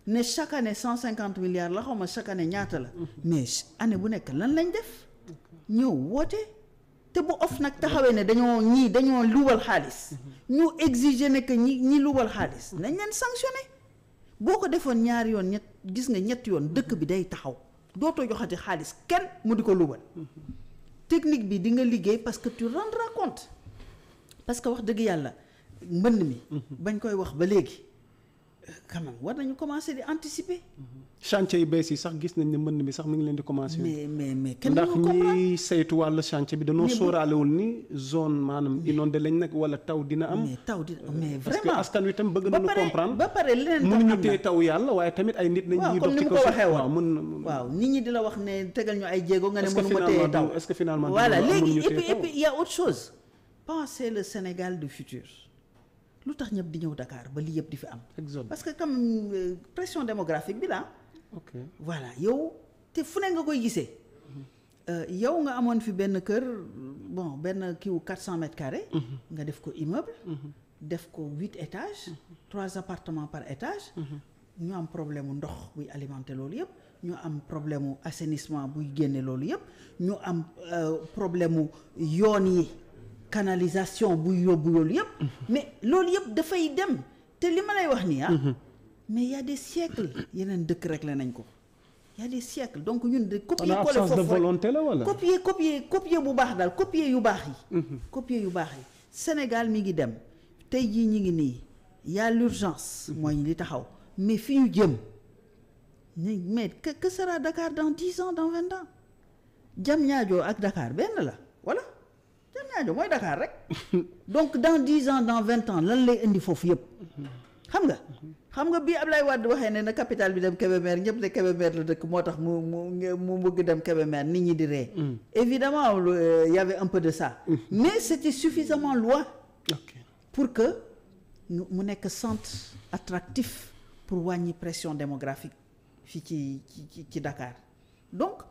ne chaque année 150 milliards la xaw ma chaque année ñaata la. mais année bu nekk lan lañ def. ñëw woote. te bu of nag taxawee ne dañoo ñii dañoo luwal xaalis. ñu exiger ne que ñi ñi luwal xaalis. nañ leen sanctionné. boo ko defoon ñaari yoon ñett gis nga ñetti yoon dëkk bi day taxaw dootoo joxati xaalis kenn mu di ko luubal technique bi di nga liggéey parce que tu rendras compte parce que wax dëgg yàlla mbënn mi mm-hmm. bañ koy wax ba léegi quand même war nañu commencer di anticiper. chantier yu bees yi sax gis nañ ne mbënn bi sax mu ngi leen di commencer. mais mais mais kenn ndax ñi saytu wàllu chantier bi dañoo sóoraalewul ni zone maanaam inondé lañ nekk wala taw dina am. mais taw dina euh, mais vraiment parce que askan wi tam bëgg na comprendre. ba pare leneen tam am mënuñu tee taw yàlla waaye tamit ay nit. nañ ñuy dox ci ko waaw mën waaw nit ñi di la wax ne tegal ñu ay jéego nga ne mënu ma tee taw est-ce que finalement voilà léegi et puis et puis il y a le Sénégal du futur lu tax ñëpp di ñëw dakaar ba lii yëpp di fi am. parce que quand même euh, pression démographique bi la ok voilà yow te fu ne nga koy gisee. Euh, yow nga amoon fi benn kër benn benn kiiwu 400 mètres carrés. Mhm. nga def ko immeuble. Mhm. def ko huit étages. Mhm. trois appartements par étage. ñu am problème mu ndox buy alimenter loolu yëpp. ñu am problème mu assainissement buy génne loolu yëpp. ñu am euh, problème mu yoon yi. canalisation buy yóbbu loolu yëpp. mais loolu yëpp dafay dem te li ma lay wax nii am ah, mhm. mais y a des yeneen dëkk rek la nañ ko. y a des donc ñun de. copier coller la wala. copier copier copier bu baax dal copier yu baax yi. Mhm. copier yu baax yi Sénégal mi ngi dem tey jii ñi ngi nii y a l'urgence mhm. mooy li taxaw mais fi ñu jëm mais que que sera Dakar dans dix ans dans vingt ans Diamniadio ak Dakar benn la voilà. Diamniadio mooy Dakar rek donc dans dix ans dans vingt ans lan lay indi foofu yëpp xam nga xam nga bii lay Wade waxee ne na capital bi dem Kébémer ñëpp ne Kébémer la dëkk moo tax mu mu mu bëgg dem Kébémer nit ñi di ree mm. évidemment euh, y avait un peu de ça mm. mais c'était suffisamment loin pour que mu nekk centre attractif pour wàññi pression démographique fii ci ci ci Dakar donc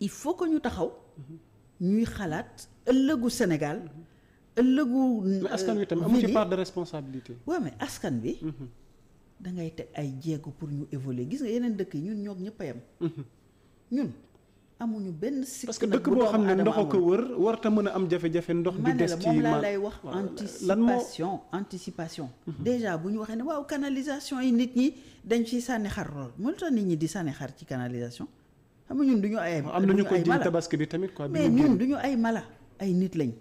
il faut que ñu taxaw mm-hmm. ñuy xalaat ëllëgu Sénégal ëllëgu. mais euh, askan wi tam amu ci part de responsabilité. waaw mais askan bi. Mhm. da ngay teg ay jéego pour ñu évoluer gis nga yeneen dëkk yi ñun ñoog ñëpp a yem. Mhm. ñun amuñu benn. sikk parce dëkk boo xam ne ndox a ko war ta mën am jafe ndox. di des ci moom laa lay wax anticipation anticipation. Mhm. déjà bu ñu waxee ne waaw canalisation yi nit ñi dañ ciy sànni xar lool mënut ñi di sànni xar ci canalisation. ay. am na ñu mais ñun du ñu ay mala. ay nit lañ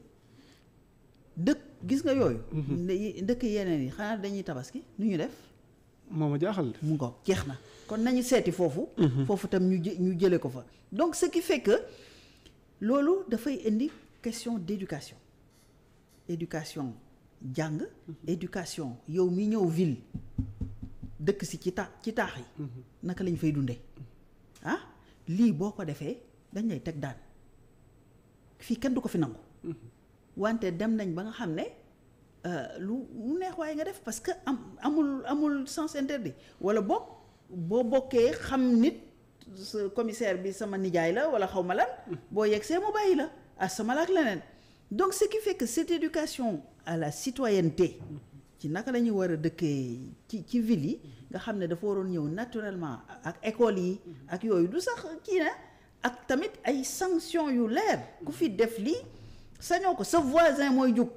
dëkk gis nga yooyu. Mhm. dëkk yeneen yi xanaa dañuy tabaski nu ñu def. moom ma jaaxal mu ngoog jeex na kon nañu seeti foofu. Mhm. foofu tam ñu jë ñu jëlee ko fa. donc ce qui fait loolu dafay indi question d'éducation éducation jàng. Mhm. éducation yow mi ñëw ville dëkk si ci ta ci taax yi. naka lañ fay dundee ah? lii boo ko defee dañ lay teg daan. fii kenn du ko fi nangu. wante dem nañ ba nga xam ne euh, lu lu neex waaye nga def parce que am amul amul sens interdit wala boog boo bokkee xam nit commissaire bi sama nijaay la wala xaw ma lan. boo yegg see mu bàyyi la asama la ak leneen. donc ce qui fait que cette éducation à la citoyenneté. ci naka la ñuy war a dëkkee ci ci ville yi nga xam ne dafa waroon ñëw naturellement ak école yi. ak yooyu du sax kii na. ak tamit ay sanction yu leer ku fi def li sañoo ko sa voisin mooy jug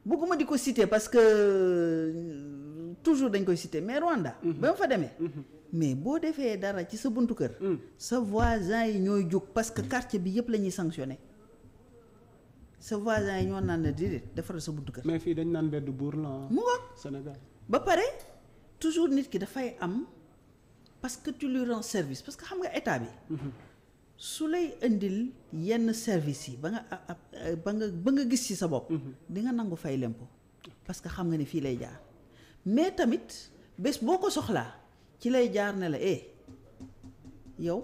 bëgguma di ko citer parce que euh, toujours dañ koy citer mais Rwanda mhm. ba ma fa demee mhm. mais boo defee dara ci sa buntu kër mm. sa voisin yi ñooy jug parce que quartier bi yëpp la ñuy sanctionné sa voisin yi ñoo naan la déedéet defaral sa buntu kër mais fii dañ naan mbedd buur la mu Sénégal ba pare toujours nit ki dafay am parce que tu lui rends service parce que xam nga état bi. Mhm. su lay indil yenn service yi ba nga ba nga ba nga gis ci sa bopp. Mhm. di nga nangu fay lempo parce que xam nga ni fii lay jaar mais tamit bés boo ko soxlaa ci lay jaar ne la eh, yow.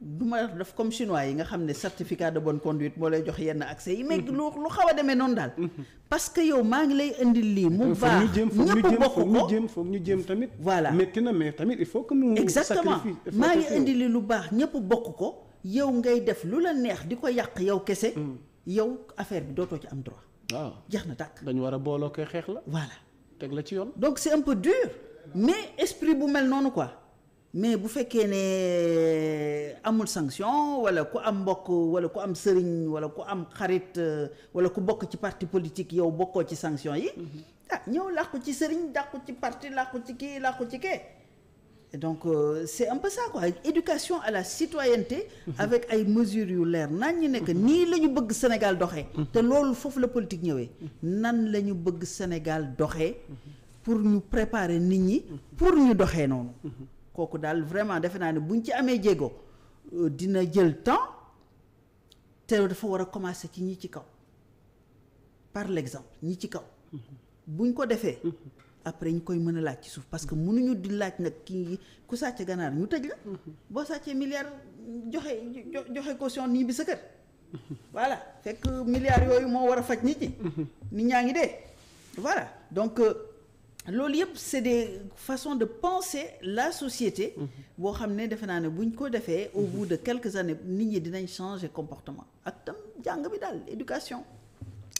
du ma def comme chinois yi nga xam ne certificat de bonne conduite moo lay jox yenn accès yi. mais mm-hmm. lu lu xaw a demee noonu daal. Mm-hmm. parce que yow maa ngi lay indi lii. mu baax ñëpp bokk ko ñu jéem foog ñu jéem tamit. voilà métti na mais tamit il faut que mu. exactement maa ngi indi li lu baax ñëpp bokk ko. yow ngay def lu la neex di ko yàq yow kese. Mm. yow affaire bi dootoo ci am droit. waaw jeex na tàkk. dañu war a booloo koy xeex la. voilà teg la ci yoon. donc c'est un peu dur. mais esprit bu mel noonu quoi. mais bu fekkee ne euh, amul sanction wala ku am mbokk wala ku am sëriñ wala ku am xarit euh, wala ku bokk ci parti politique yow bokkoo ci sanction yi mhm. ah ñëw làqu ci sëriñ dàqu ci parti làqu ci kii làqu ci ke donc euh, c'est un peu ça quoi éducation à la citoyenneté mhm. avec ay mesures yu leer naan ñu nekk mhm. nii la ñu bëgg Sénégal doxe te loolu foofu la politique ñëwee nan la ñu bëgg Sénégal doxee pour ñu préparer nit ñi pour ñu doxee noonu kooku daal vraiment defe naa ne buñ ci amee jéego euh, dina jël temps te dafa war a commencer ci ñi ci kaw par l'exemple ñi ci kaw buñ ko defee après ñu koy mën a laaj ci suuf parce que mënuñu di laaj nag kii ku sàcce ganaar ñu tëj la boo sàccee milliard joxe joxe caution nii bi sa kër voilà fekk milliards yooyu moo war a faj nit ñi nit ñaa ngi dee voilà donc euh, loolu yëpp c'est des façon de penser la société. boo xam ne defe naa ne buñ ko defee. au bout de quelques années nit ñi dinañ changer comportement ak tam jàng bi daal éducation.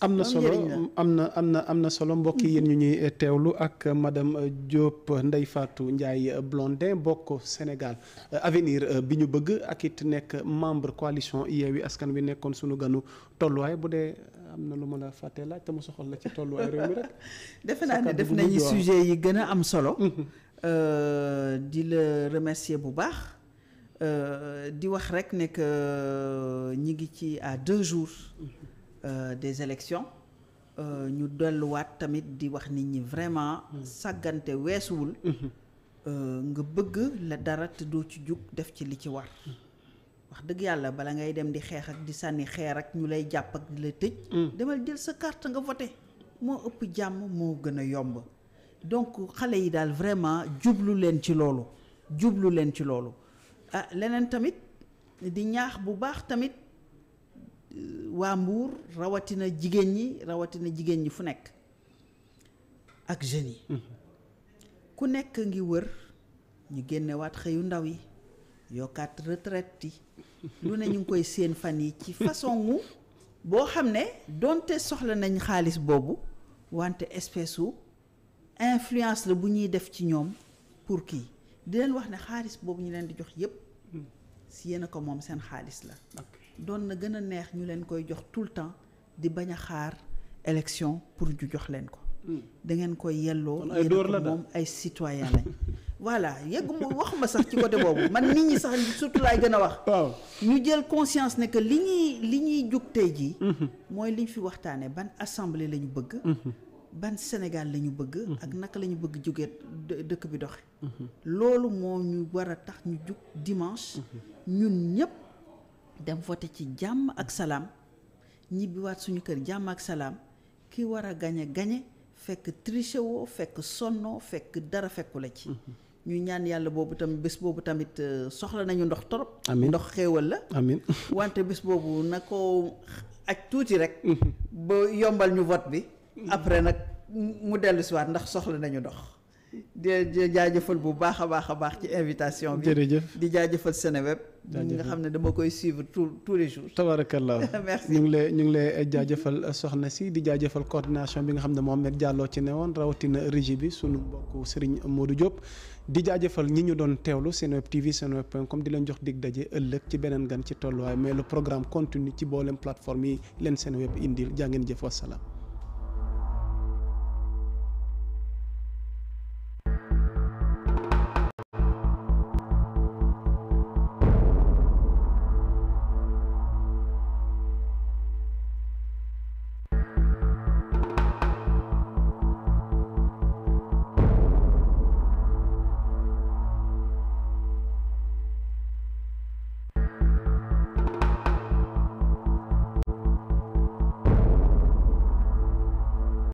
am na solo am na am na am na solo mbokk yi yéen ñu ñuy teewlu ak madame Diop Ndeye Fatou Ndiaye Blondin bokk Sénégal avenir bi ñu bëgg ak it nekk membre coalition Yewwi Askan Wi nekkoon sunu ganu tolluwaay bu dee. am na lu ma la fàttee laaj te mu soxal la ci tolluwaay réew mi rek. defe naa ne def nañu sujet yi gën a am solo. Mhm. Euh, di la remercier bu baax. Euh, di wax rek ne que euh, ñi ngi ci à deux jours. Mhm. des élections ñu delluwaat tamit di wax nit ñi vraiment. Mhm. sàggante weesuwul. nga bëgg la dara te ci jug def ci li ci war. wax dëgg yàlla bala ngay dem di xeex ak di sànni xeer ak ñu lay jàpp ak la tëj. Mm. demal jël sa carte nga voté moo ëpp jàmm moo gën a yomb donc xale yi daal vraiment jublu leen ci loolu jublu leen ci loolu ah leneen tamit di ñaax bu baax tamit euh, waa mbuur rawatina jigéen ñi rawatina jigéen ñi fu nekk ak jeunes yi. Mm. ku nekk ngi wër ñu génnewaat xëyu ndaw yi. yokkaat retraite yi lu ne ñu ngi koy seen fan yi ci façon wu boo xam ne donte soxla nañ xaalis boobu wante espèce wu influence la bu ñuy def ci ñoom pour kii di leen wax ne xaalis boobu ñu leen di jox yépp si yéen a ko moom seen xaalis la doon na gën a neex ñu leen koy jox tout le temps di bañ a xaar élection pour ñu jox leen ko hmm. dangeen koy yelloo yéen moom ay citoyen lañ voilà yëgguma wax ma sax ci côté boobu man nit ñi sax surtout laay gën a wax. waaw ñu jël conscience ne que li ñuy li ñuy jug tey jii. Mhm. mooy liñ fi waxtaanee ban assemblée lañu ñu bëgg. Mhm. ban Sénégal lañu bëgg. Mhm. ak naka lañu bëgg jóge dëkk bi doxe loolu moo ñu war a tax ñu jug dimanche. ñun ñëpp dem voté ci jàmm ak salaam ñibbiwaat suñu kër jàmm ak salaam ki war a gañe gañe fekk triché woo fekk sonnoo fekk dara fekku la ci. ñu ñaan yàlla boobu tam bés boobu tamit euh, soxla nañu ndox torop amiin ndox xéewal la amiin wante bés boobu na ko ak tuuti rek mhm. ba yombal ñu vote bi après nag mu dellu si waat ndax soxla nañu ndox di jaajëfal bu baax a baax a baax ci invitation jërëjëf di jaajëfal Seneweb nga xam ne dama koy suivre tous tous les jours tabarakallah ñu ngi lay ñu ngi lay jaajëfal euh, soxna si di jaajëfal coordination bi nga xam ne Mohamed Diallo ci ne woon rawatina régie bi sunu mbokk moo du Diop di jaajëfal ñi ñu doon teewlu Senweb TV Senweb point com di leen jox dig daje ëllëg ci beneen gan ci tolluwaay mais le programme continue ci boolem plateforme yi leen Senweb indil jaa ngeen jëf wasalaam